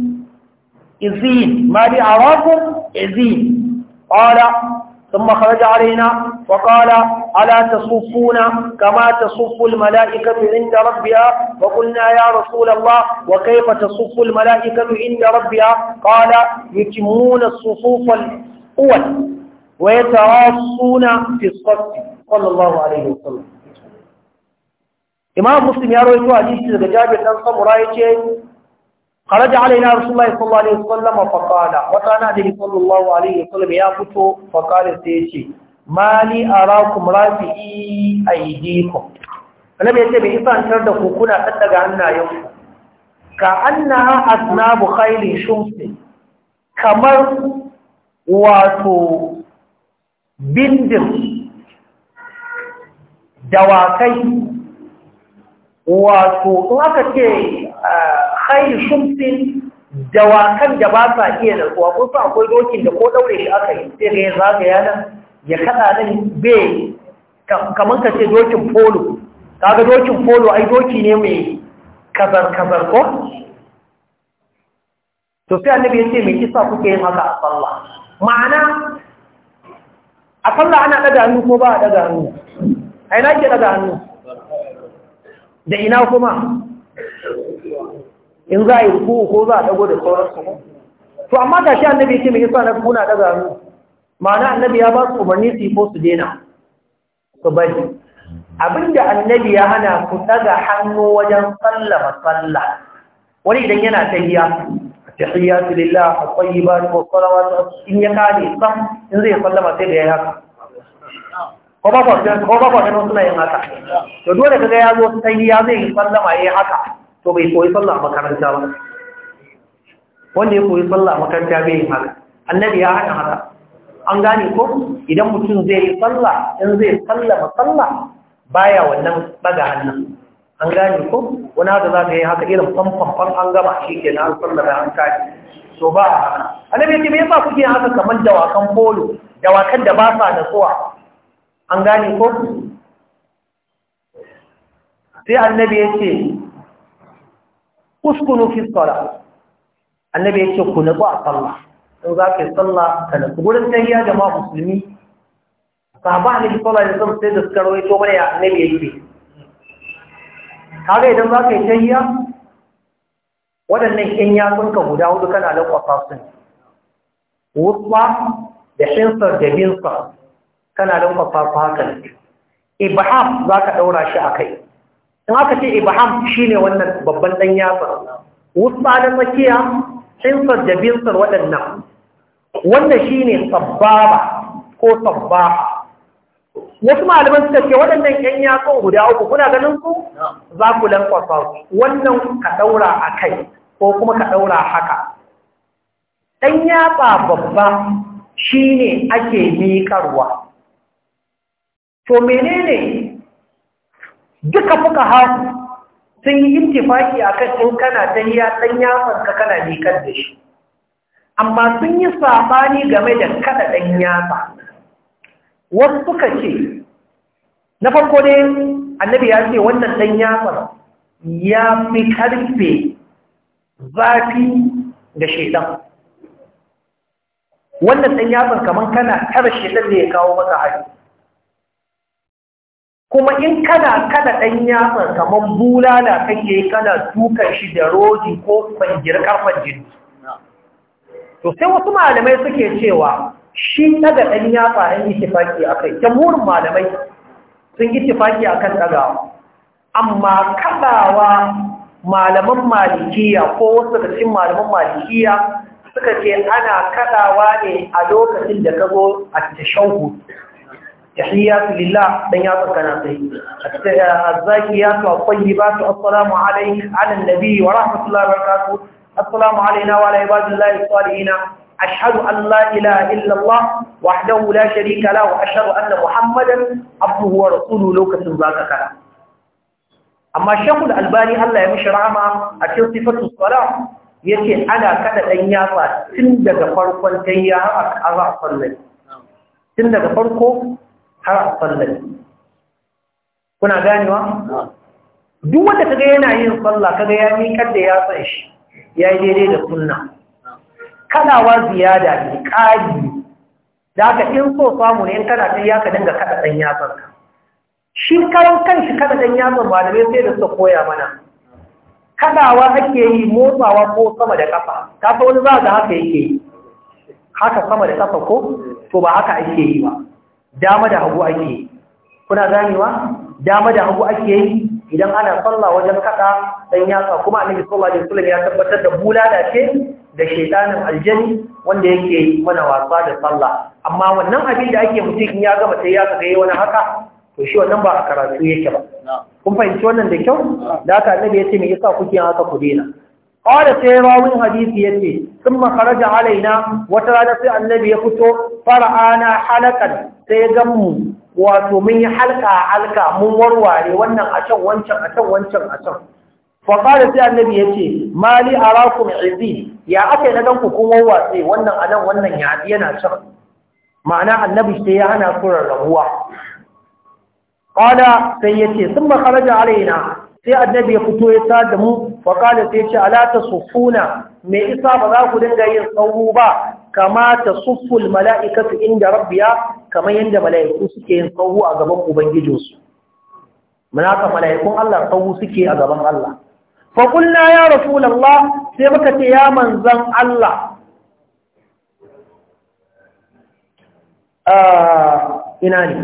إذين ما لي أراكم إذين قال ثم خرج علينا وقال ألا تصفون كما تصف الملائكة عند ربها وقلنا يا رسول الله وكيف تصف الملائكة عند ربها قال يتمون الصفوف الأول ويتراصون في الصف صلى الله عليه وسلم إمام مسلم يروي حديث لجابر بن سمرة Karaja alaina Rasulullah sallallahu alaihi wa kana ya fito fa kana sai mali araikum rafi aidikum Annabi ya ce bi san tar da kukuna da daga annayen ku ka anna asnabu khayli kamar wato bindin dawakai wato in aka ke. khayr shumsin dawakan da ba sa iya natsuwa ko sa akwai dokin da ko daure shi aka yi sai ga ya ka yana ya kada nan be kamar ka ce dokin polo kaga dokin polo ai doki ne mai kazar kazar ko to sai annabi ya ce me kisa kuke yin haka a sallah ma'ana a sallah ana daga hannu ko ba a daga hannu a ina ke daga hannu da ina kuma in za a yi ruku ko za a dago da sauransu to amma ta shi annabi ce mai yasa na kuna daga hannu ma'ana annabi ya ba su umarni su yi ko su dena su bari abinda annabi ya hana ku daga hannu wajen sallama sallah wani idan yana tahiya tahiyatu lillah at-tayyibatu was-salawatu in ya kare sam in zai sallama sai da ya haka ko ba ko ba ko ba ko suna yin haka to dole kaga ya zo tahiya zai sallama yayi haka to bai koyi sallah a makaranta ba wanda ya koyi sallah a makaranta bai yi haka annabi ya haɗa haka an gane ko idan mutum zai yi sallah in zai sallama sallah baya wannan daga hannun an gane ko wani haka za ka yi haka irin fanfanfan an gama shi ke na an da an kaji to ba a haka annabi ya ce me yasa kuke haka kamar dawakan polo dawakan da ba sa natsuwa an gane ko sai annabi ya ce uskunu fi sala annabi yake ku nutsu a sallah in za ka yi sallah ka nutsu gudun tariya da ma musulmi ba ni sallah da sallah sai da suka rawaito mana ya annabi ya yake kaga idan za ka yi tariya waɗannan ƴan yatsunka guda hudu kana ƙwasa sun wutsa da shinsar da binsa kana ƙwasa su haka Ibrahim za ka ɗaura shi a kai in aka ce Ibrahim shine wannan babban dan yatsa wusa na tsakiya da binsar waɗannan wannan shine sabbaba ko sabba wasu malaman suka ce waɗannan ƴan yatsun guda uku kuna ganin su za ku lankwasa wannan ka ɗaura a kai ko kuma ka ɗaura haka ɗan yatsa babba shine ake miƙarwa to menene duka fuka haku sun yi intifaki a kan in kana tahiya ɗan yatsanka kana nikar da shi amma sun yi sabani game da kada ɗan yatsa wasu suka ce na farko ne annabi ya ce wannan ɗan yatsar ya fi karfe zafi da shaidan wannan ɗan kamar kana tara shaidan da ya kawo maka hari kuma in kana kada ɗan yatsa kamar bulala kake kana dukan shi da roji ko fangir karfan jini to sai wasu malamai suke cewa shi daga ɗan yatsa an yi tifaki a kai jamhurin malamai sun yi tifaki a kan ɗagawa amma kaɗawa malaman malikiya ko wasu daga cikin malaman malikiya suka ce ana kaɗawa ne a lokacin da ka zo a tashahu tahiyatu lillah dan ya tsaka na sai azzaki ya tsaka kwalli ba su assalamu alaihi ala nabi wa rahmatullahi wa barakatu assalamu alaina wa ala ibadillahi salihina ashhadu an la ilaha illa allah wahdahu la sharika la wa ashhadu anna muhammadan abduhu wa rasuluhu lokacin zaka kara amma shehu albani allah ya mishi rahama a cikin sifatu salah yace ana kada dan yafa tun daga farkon tayya har a tsallai tun daga farko har a sallar kuna ganewa duk wanda kaga yana yin sallah kaga ya miƙar da ya san shi ya yi daidai da sunna kadawa ziyada ne ƙari da aka in so samu ne in kana ta ya ka dinga kada ɗan yatsar ka shi karan kanshi kada ɗan yatsan malamai sai da suka koya mana kadawa ake yi motsawa ko sama da kafa ta wani za ga haka yake yi haka sama da kafa ko to ba haka ake yi ba dama da hagu ake kuna ganewa dama da hagu ake yi idan ana sallah wajen kada dan yatsa kuma annabi sallallahu alaihi wasallam ya tabbatar da bulala ce da shaytanin aljani wanda yake mana wasa da sallah amma wannan abin da ake mutum in ya gama sai ya kaga wani haka to shi wannan ba a karatu yake ba kun fahimci wannan da kyau da haka annabi ya ce me yasa kuke haka ku dena yace سيراوي kharaja alaina wata rana sai annabi ya fito fara ana halakan sai ganmu, wato mun yi halka halka mun warware wannan a can wancan a can wancan a can faƙari sai annabi ya ce mali a rakun izi ya aka yi na ganku kun warwatse wannan a nan wannan yana can ma'ana annabi sai ya hana kurar rabuwa ƙada sai ya ce sun makaraja arena sai annabi ya fito ya sa da mu faƙari sai ya ce alata sufuna Mai isa ba za ku dinga yin tsawo ba kamata sufful mala'ikatu inda rabbiya kamar yadda mala'iku suke yin tsawo a gaban ubangijinsu munaka mala'ikun Allah tsawo suke a gaban Allah fa kullu ya rasulullah sai muka ce ya manzan Allah ah, ina ne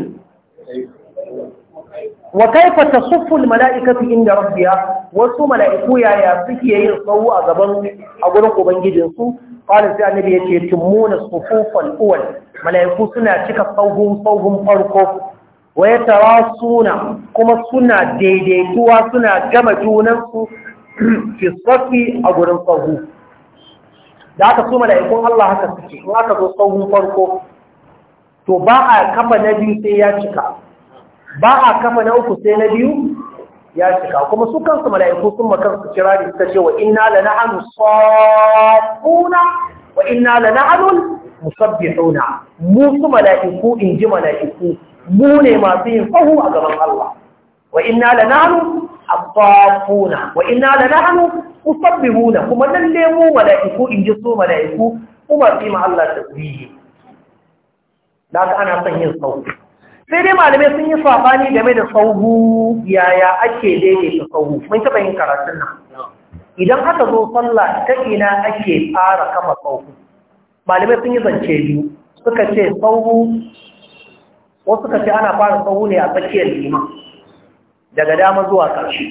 wa kaifata kaifa tasuffu almala'ikatu inda rabbiha wasu mala'iku yaya suke yin tsawo a gaban a gurin ubangijinsu ƙwarin sai annabi ya ce timmuna sufufan uwal mala'iku suna cika tsawon tsawon farko waya tara suna kuma suna daidaituwa suna gama junansu fi tsafi a gurin tsawo da aka su mala'ikun Allah haka suke in aka zo tsawon farko to ba a kafa na biyu sai ya cika ba a kafa na uku sai na biyu ya cika kuma su kansu mala'iku sun makar su kira da suka ce wa inna la nahnu safuna wa inna la nahnu musabbihuna mu su mala'iku in ji mala'iku mu ne masu yin sahu a gaban Allah wa inna la nahnu as-safuna wa inna la nahnu huna, kuma lalle mu mala'iku in ji su mala'iku kuma fi ma Allah tasbihi da ana son yin sahu sai dai malamai sun yi sabani game da sauhu yaya ake daidaita sauhu mun taɓa yin karatun nan idan aka zo sallah ta ina ake fara kama sauhu malamai sun yi zance biyu suka ce sauhu wasu suka ce ana fara sauhu ne a tsakiyar liman daga dama zuwa ƙarshe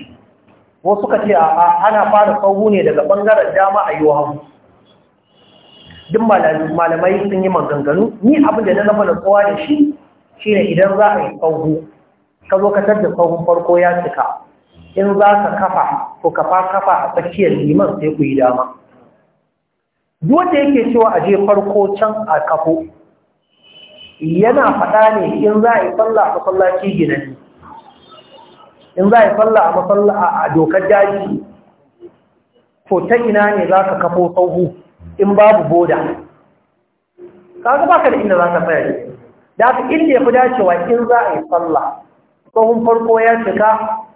wasu suka ce ana fara sauhu ne daga ɓangaren dama a yi hagu duk malamai sun yi maganganu ni abin da na zama da kowa da shi shi ne idan za a yi ƙauhu ka zo ka da ƙauhun farko ya cika in za ka kafa to kafa kafa a tsakiyar liman sai ku yi dama duk wanda yake cewa a je farko can a kafo yana faɗa ne in za a yi falla a masallaci ne, in za a yi falla a masallaci a dokar daji to ta ina ne za ka kafo tsohu in babu boda ka ga baka da inda za ka tsaya da haka inda ya fi dacewa in za a yi sallah tsohon farko ya cika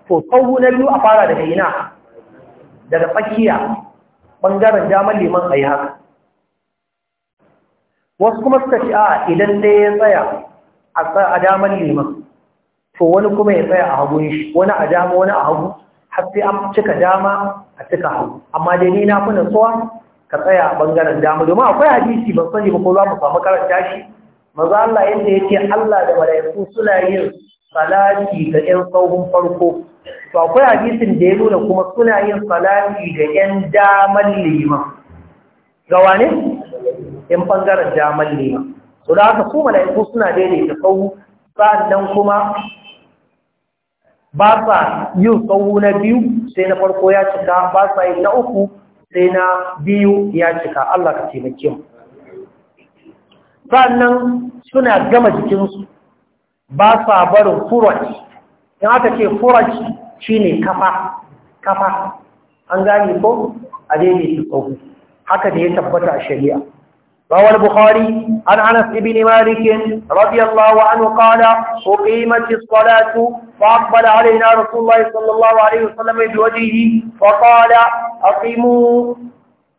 to tsohu na biyu a fara daga ina daga tsakiya ɓangaren damar liman a yi haka wasu kuma suka ci a idan ɗaya ya tsaya a damar liman to wani kuma ya tsaya a hagu shi wani a dama wani a hagu har sai an cika dama a cika hagu amma dai ni na fi natsuwa ka tsaya a ɓangaren dama domin akwai hadisi ban sani ba ko za mu samu karanta shi Maza Allah yadda ce Allah da malaiku suna yin salati ga 'yan tsohon farko to akwai hadisin da ya nuna kuma suna yin salati ga 'yan daman liman ga wane yan bangaren daman liman to da haka kuma malaiku suna daidaita sauhu sannan kuma ba sa yin sauhu na biyu sai na farko ya cika ba sa yin na uku sai na biyu ya cika Allah ka taimake mu sannan suna gama jikinsu ba sa barin furaci in aka ce furaci shine kafa kafa an gane ko a daidaita tsohu haka da ya tabbata a shari'a روى البخاري عن انس بن مالك رضي الله عنه قال اقيمت الصلاه فاقبل علينا رسول الله صلى الله عليه وسلم بوجهه فقال اقيموا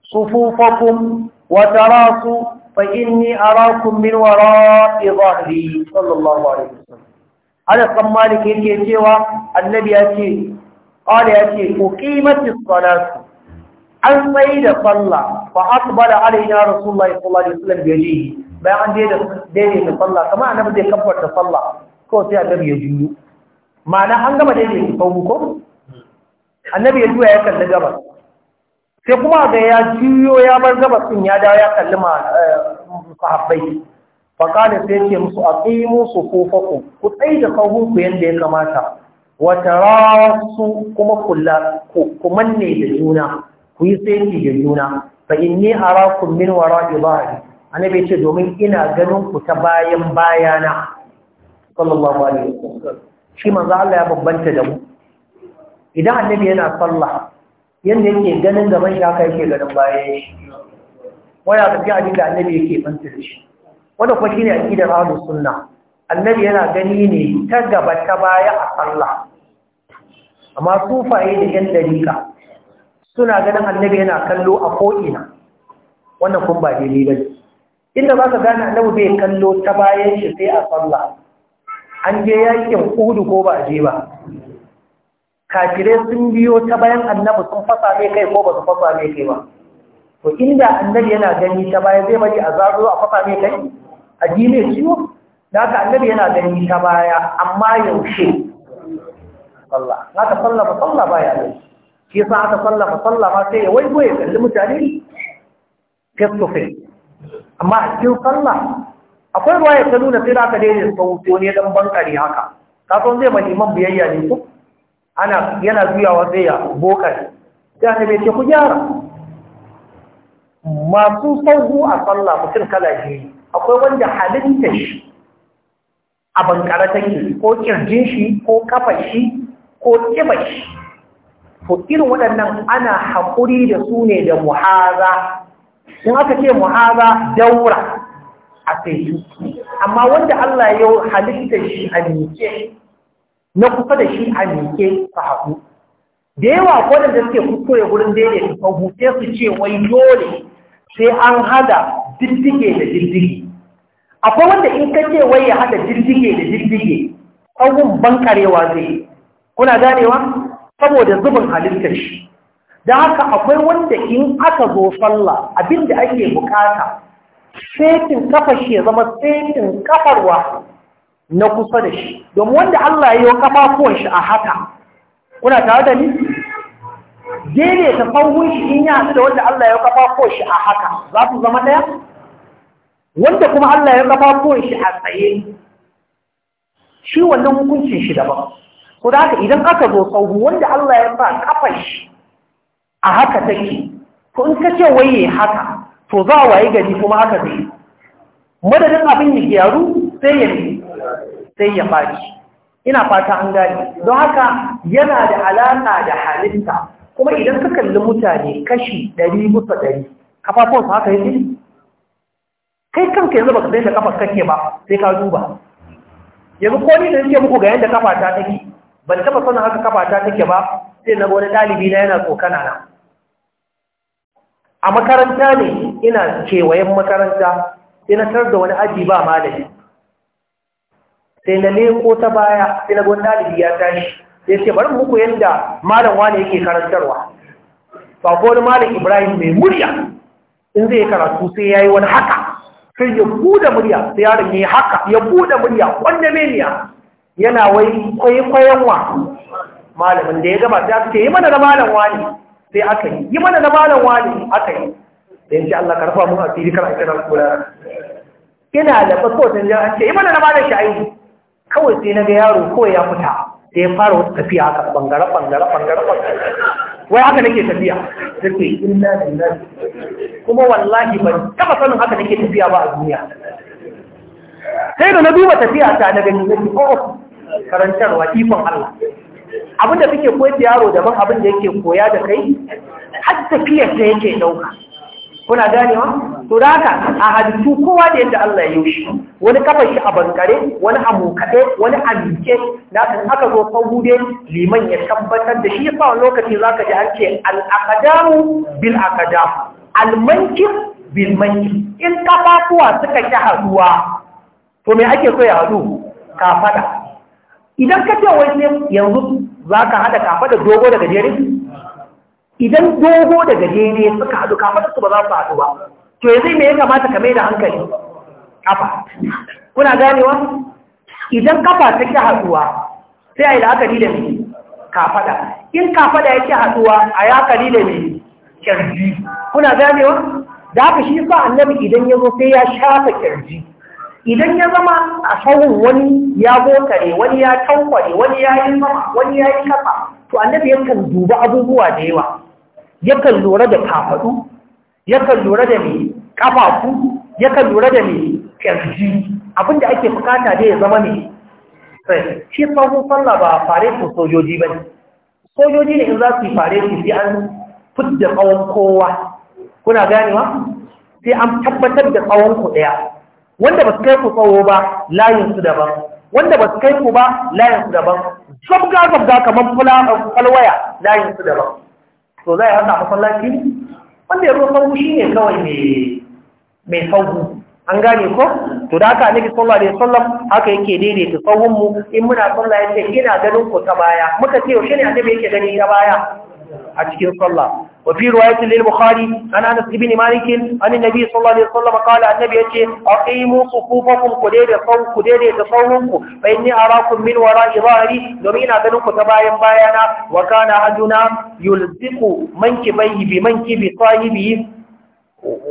صفوفكم وتراصوا fa’inni a rakun min wara ibari sallallahu alaihi wasallam. Ana tsammani ke cewa annabi ce, ƙwada ce, ku ƙimati tsalasu, an tsaye da tsalla fa aka bada alayyana rasun lai tsallari tsallar da yaji bayan an daidai da tsalla, kama annabi zai kafar da tsalla ko sai annabi ya juyo. Ma'ana an gama daidai da tsawo ko? Annabi ya juya ya kalli gabas. sai kuma ga ya juyo ya bar gabas din ya dawo ya kalli ma eh, sahabbai faƙada sai ce musu a sufufakum ko ku tsaye da ku yanda ya kamata wa tarasu kuma ku manne da juna ku yi tsaye da juna fa in arakum a min wara ibari annabi ce domin ina ganin ku ta bayan bayana sallallahu alaihi wasallam shi manzo Allah ya bambanta da mu idan annabi yana sallah yadda yake ganin gaban shi kai ke ganin bayan shi wani ta fi abin da annabi yake manta da shi wanda kuma a aqidar ahlus sunna annabi yana gani ne ta gaba ta baya a sallah amma sufaye da yan dariƙa suna ganin annabi yana kallo a ko'ina wannan kun ba daidai ba inda za ka gane annabi bai kallo ta bayan shi sai a sallah an je yakin kudu ko ba a je ba kafirai sun biyo ta bayan annabi sun fasa mai kai ko ba su fasa mai kai ba to inda annabi yana gani ta baya zai bari a zazo a fasa mai kai a ji mai ciwo da haka annabi yana gani ta baya amma yaushe Allah na ta salla ba sallah baya ne shi yasa aka salla ba sallah ma sai ya waigo ya kalli mutane face to face amma a cikin sallah akwai ruwa ya ta na sai da aka daidai wani ne dan bankari haka ka san zai ma liman biyayya ne ko ana yana zuyawa sai ya bokar sai annabi ce ku gyara masu sauhu a sallah mutum kala biyu akwai wanda halitta shi a bankara take ko kirjin shi ko kafa shi ko kibar shi Ko irin waɗannan ana haƙuri da su ne da muhaza in aka ce muhaza daura a taitu amma wanda Allah ya halitta shi a mike. na kusa da shi a miƙe su haku da yawa waɗanda suke kuskure wurin daidaita sahu sai su ce wai dole sai an hada diddige da jirgige akwai wanda in ka ce wai ya hada diddige da diddige sahun bankarewa zai kuna ganewa saboda zubin halittar shi da haka akwai wanda in aka zo sallah abinda ake bukata setin kafa shi ya zama setin kafarwa na kusa da shi domin wanda Allah ya yi wa ƙafafuwan shi a haka kuna tare da ni dele ta faunin shi in ya haɗu da wanda Allah ya yi wa ƙafafuwan shi a haka za su zama ɗaya wanda kuma Allah ya yi ƙafafuwan shi a tsaye shi wannan hukuncin shi daban ko da haka idan aka zo sauhu wanda Allah ya sa kafar shi a haka take to in ka ce waye haka to za a waye gari kuma haka zai madadin abin ya gyaru sai ya sai ya faɗi ina fata an gani don haka yana da alaƙa da halitta kuma idan ka kalli mutane kashi ɗari musa ɗari kafafuwan su haka yake kai kanka yanzu ka zai da kafar kake ba sai ka duba yanzu ko ni da nake muku ga yadda kafa ta take ban taɓa sanin haka kafa ta take ba sai na wani ɗalibi na yana tsokana na a makaranta ne ina kewayen makaranta sai na tar da wani aji ba malami sai na leko ta baya sai na gwanda ɗalibi ya tashi sai ce bari muku yadda malam wani yake karantarwa ba ko wani malam ibrahim mai murya in zai karatu sai ya yi wani haka sai ya buɗe murya sai ya yi haka ya buɗe murya wanda meniya yana wai kwaikwayon wa malamin da ya gaba ta ce yi mana na malam wani sai aka yi yi mana na malam wani aka yi da yanci Allah karfa mun asiri kan aikata kula ina da fasotin jan an ce yi mana na malam shi aiki kawai sai na ga yaro kawai ya fita sai ya fara wata tafiya a bangare bangare bangare bangare wai haka nake tafiya take inna lillahi kuma wallahi ban taba sanin haka nake tafiya ba a duniya sai da na duba tafiya ta na gani nake oh, oh karantarwa ikon Allah abinda kake koyar da yaro daban abinda yake koya da kai har tafiya ta yake dauka kuna ganewa to da a halittu kowa da yadda Allah ya yi wani kafa shi a bankare wani a wani a miƙe da kan aka zo sahu dai liman ya tabbatar da shi yasa lokaci za ka ji an ce al'aqdamu bil aqdam al-mankib bil in kafafuwa suka ki haduwa to me ake so ya hadu kafada idan ka ce wai yanzu za ka haɗa kafada dogo daga jerin idan dogo da ne suka haɗu su ba za su haɗu ba to yanzu me ya kamata ka mai da hankali kafa kuna ganewa idan kafa ta ke haɗuwa sai a yi la'akari da mai kafaɗa in kafaɗa ya ke haɗuwa a yi la'akari da mai kyarji kuna ganewa da haka shi sa annabi idan ya zo sai ya shafa kyarji idan ya zama a sauhun wani ya gokare wani ya tankware wani ya yi sama wani ya yi kafa to annabi yankan duba abubuwa da yawa yakan lura da kafaɗu yakan lura da mai ƙafafu yakan lura da mai ƙirji abinda ake bukata da ya zama ne shi sahun sallah ba fare su sojoji ba ne sojoji ne in za su yi fare su sai an fidda tsawon kowa kuna ganewa sai an tabbatar da tsawon ku ɗaya wanda ba su kai ku tsawo ba layin su daban wanda ba su kai ku ba layin su daban zabga zabga kamar fulawaya layin su daban to za a masallaci wanda ya rufar shi ne kawai mai sauhu an gane ko to da aka haka annabi da ya Sallah, haka yake daidaita sauhun mu in muna sallah ce ina ganin ku ta baya muka ce yaushe ne annabi yake gani na baya a cikin sallah وفي رواية للبخاري عن أنس بن مالك عن النبي صلى الله عليه وسلم قال النبي يتي أقيموا صفوفكم قدير صوم قدير تصومكم فإني أراكم من وراء ظهري دومين أدنك تباين بايانا وكان أحدنا يلزق منكبيه بمنكب صاحبه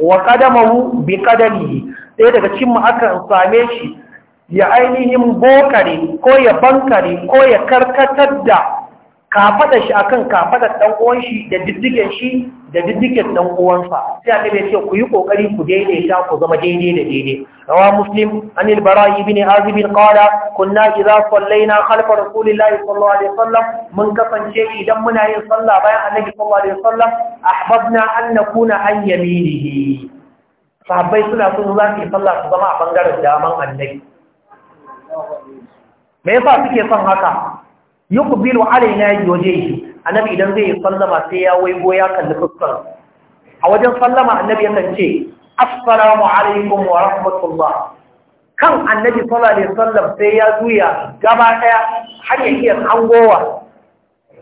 وقدمه بقدمه ɗaya daga cikin akan same shi ya ainihin bokare ko ya bankare ko ya karkatar da kafada shi akan kafada dan uwan shi da diddigen shi da diddigen dan uwansa sai aka ce ku yi kokari ku daidaita ku zama daidai da daidai rawa muslim an al-bara ibn azib qala kunna idza sallaina khalfa rasulillahi sallallahu alaihi wasallam mun kasance idan muna yin sallah bayan annabi sallallahu alaihi wasallam ahbabna an nakuna an yaminihi sahabbai suna so za su yi sallah su zama a bangaren daman annabi me yasa suke son haka yuqbilu alaina yawjihi annabi idan zai yi sallama sai ya waigo ya kalli fuskar a wajen sallama annabi yakan ce assalamu alaikum wa rahmatullah kan annabi sallallahu alaihi wasallam sai ya zuya gaba daya har ya iya hangowa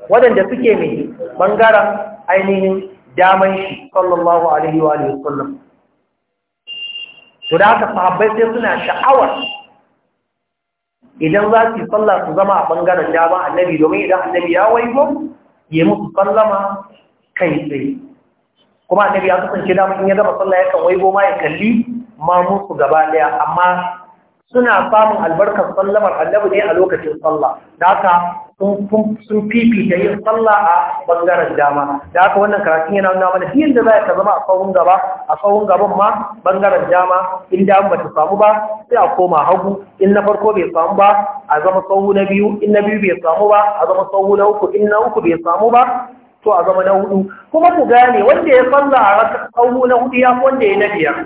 wadanda suke mai bangaren ainihin daman shi sallallahu alaihi wa alihi wasallam to da haka sahabbai sai suna sha'awar idan za su yi sallah su zama a ɓangaren dama annabi domin idan annabi ya waigo ya musu sallama kai tsaye kuma annabi ya kasance dama in ya gama sallah yakan waigo ma ya kalli ma musu gaba ɗaya amma suna samun albarkar sallamar annabi ne a lokacin sallah da haka sun fifita yin tsalla a ɓangaren dama da aka wannan karatun yana nuna mana fiye da za ka zama a tsawon gaba a tsawon gaban ma ɓangaren dama in da ba ta samu ba sai a koma hagu in na farko bai samu ba a zama tsawo na biyu in na biyu bai samu ba a zama tsawo na uku in na uku bai samu ba to a zama na hudu kuma ku gane wanda ya tsalla a tsawo na hudu ya fi wanda ya na biyar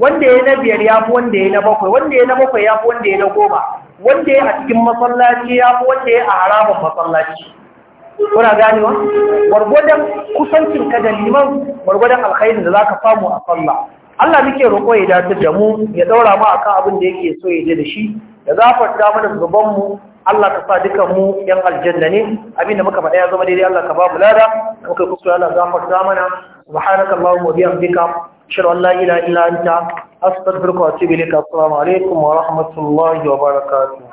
wanda ya na biyar ya fi wanda ya na bakwai wanda ya na bakwai ya fi wanda ya na goma wanda ya a cikin masallaci ya fi wanda ya a haramun masallaci kuna ganewa gwargwadon kusancin ka da liman gwargwadon alkhairin da za ka samu a sallah Allah nake roƙo ya dace da mu ya ɗaura mu akan abin da yake so ya je da shi da zafarta mana zuban mu Allah ka sa dukan mu yan aljanna ne abin da muka faɗa ya zama daidai Allah ka ba mu lada muka kuskure Allah zafarta mana subhanakallahumma wa bihamdika shir Allah ila ila'anta, astagfirku a cibili ka, salamu alaikum wa rahmatullahi wa barakatuhu.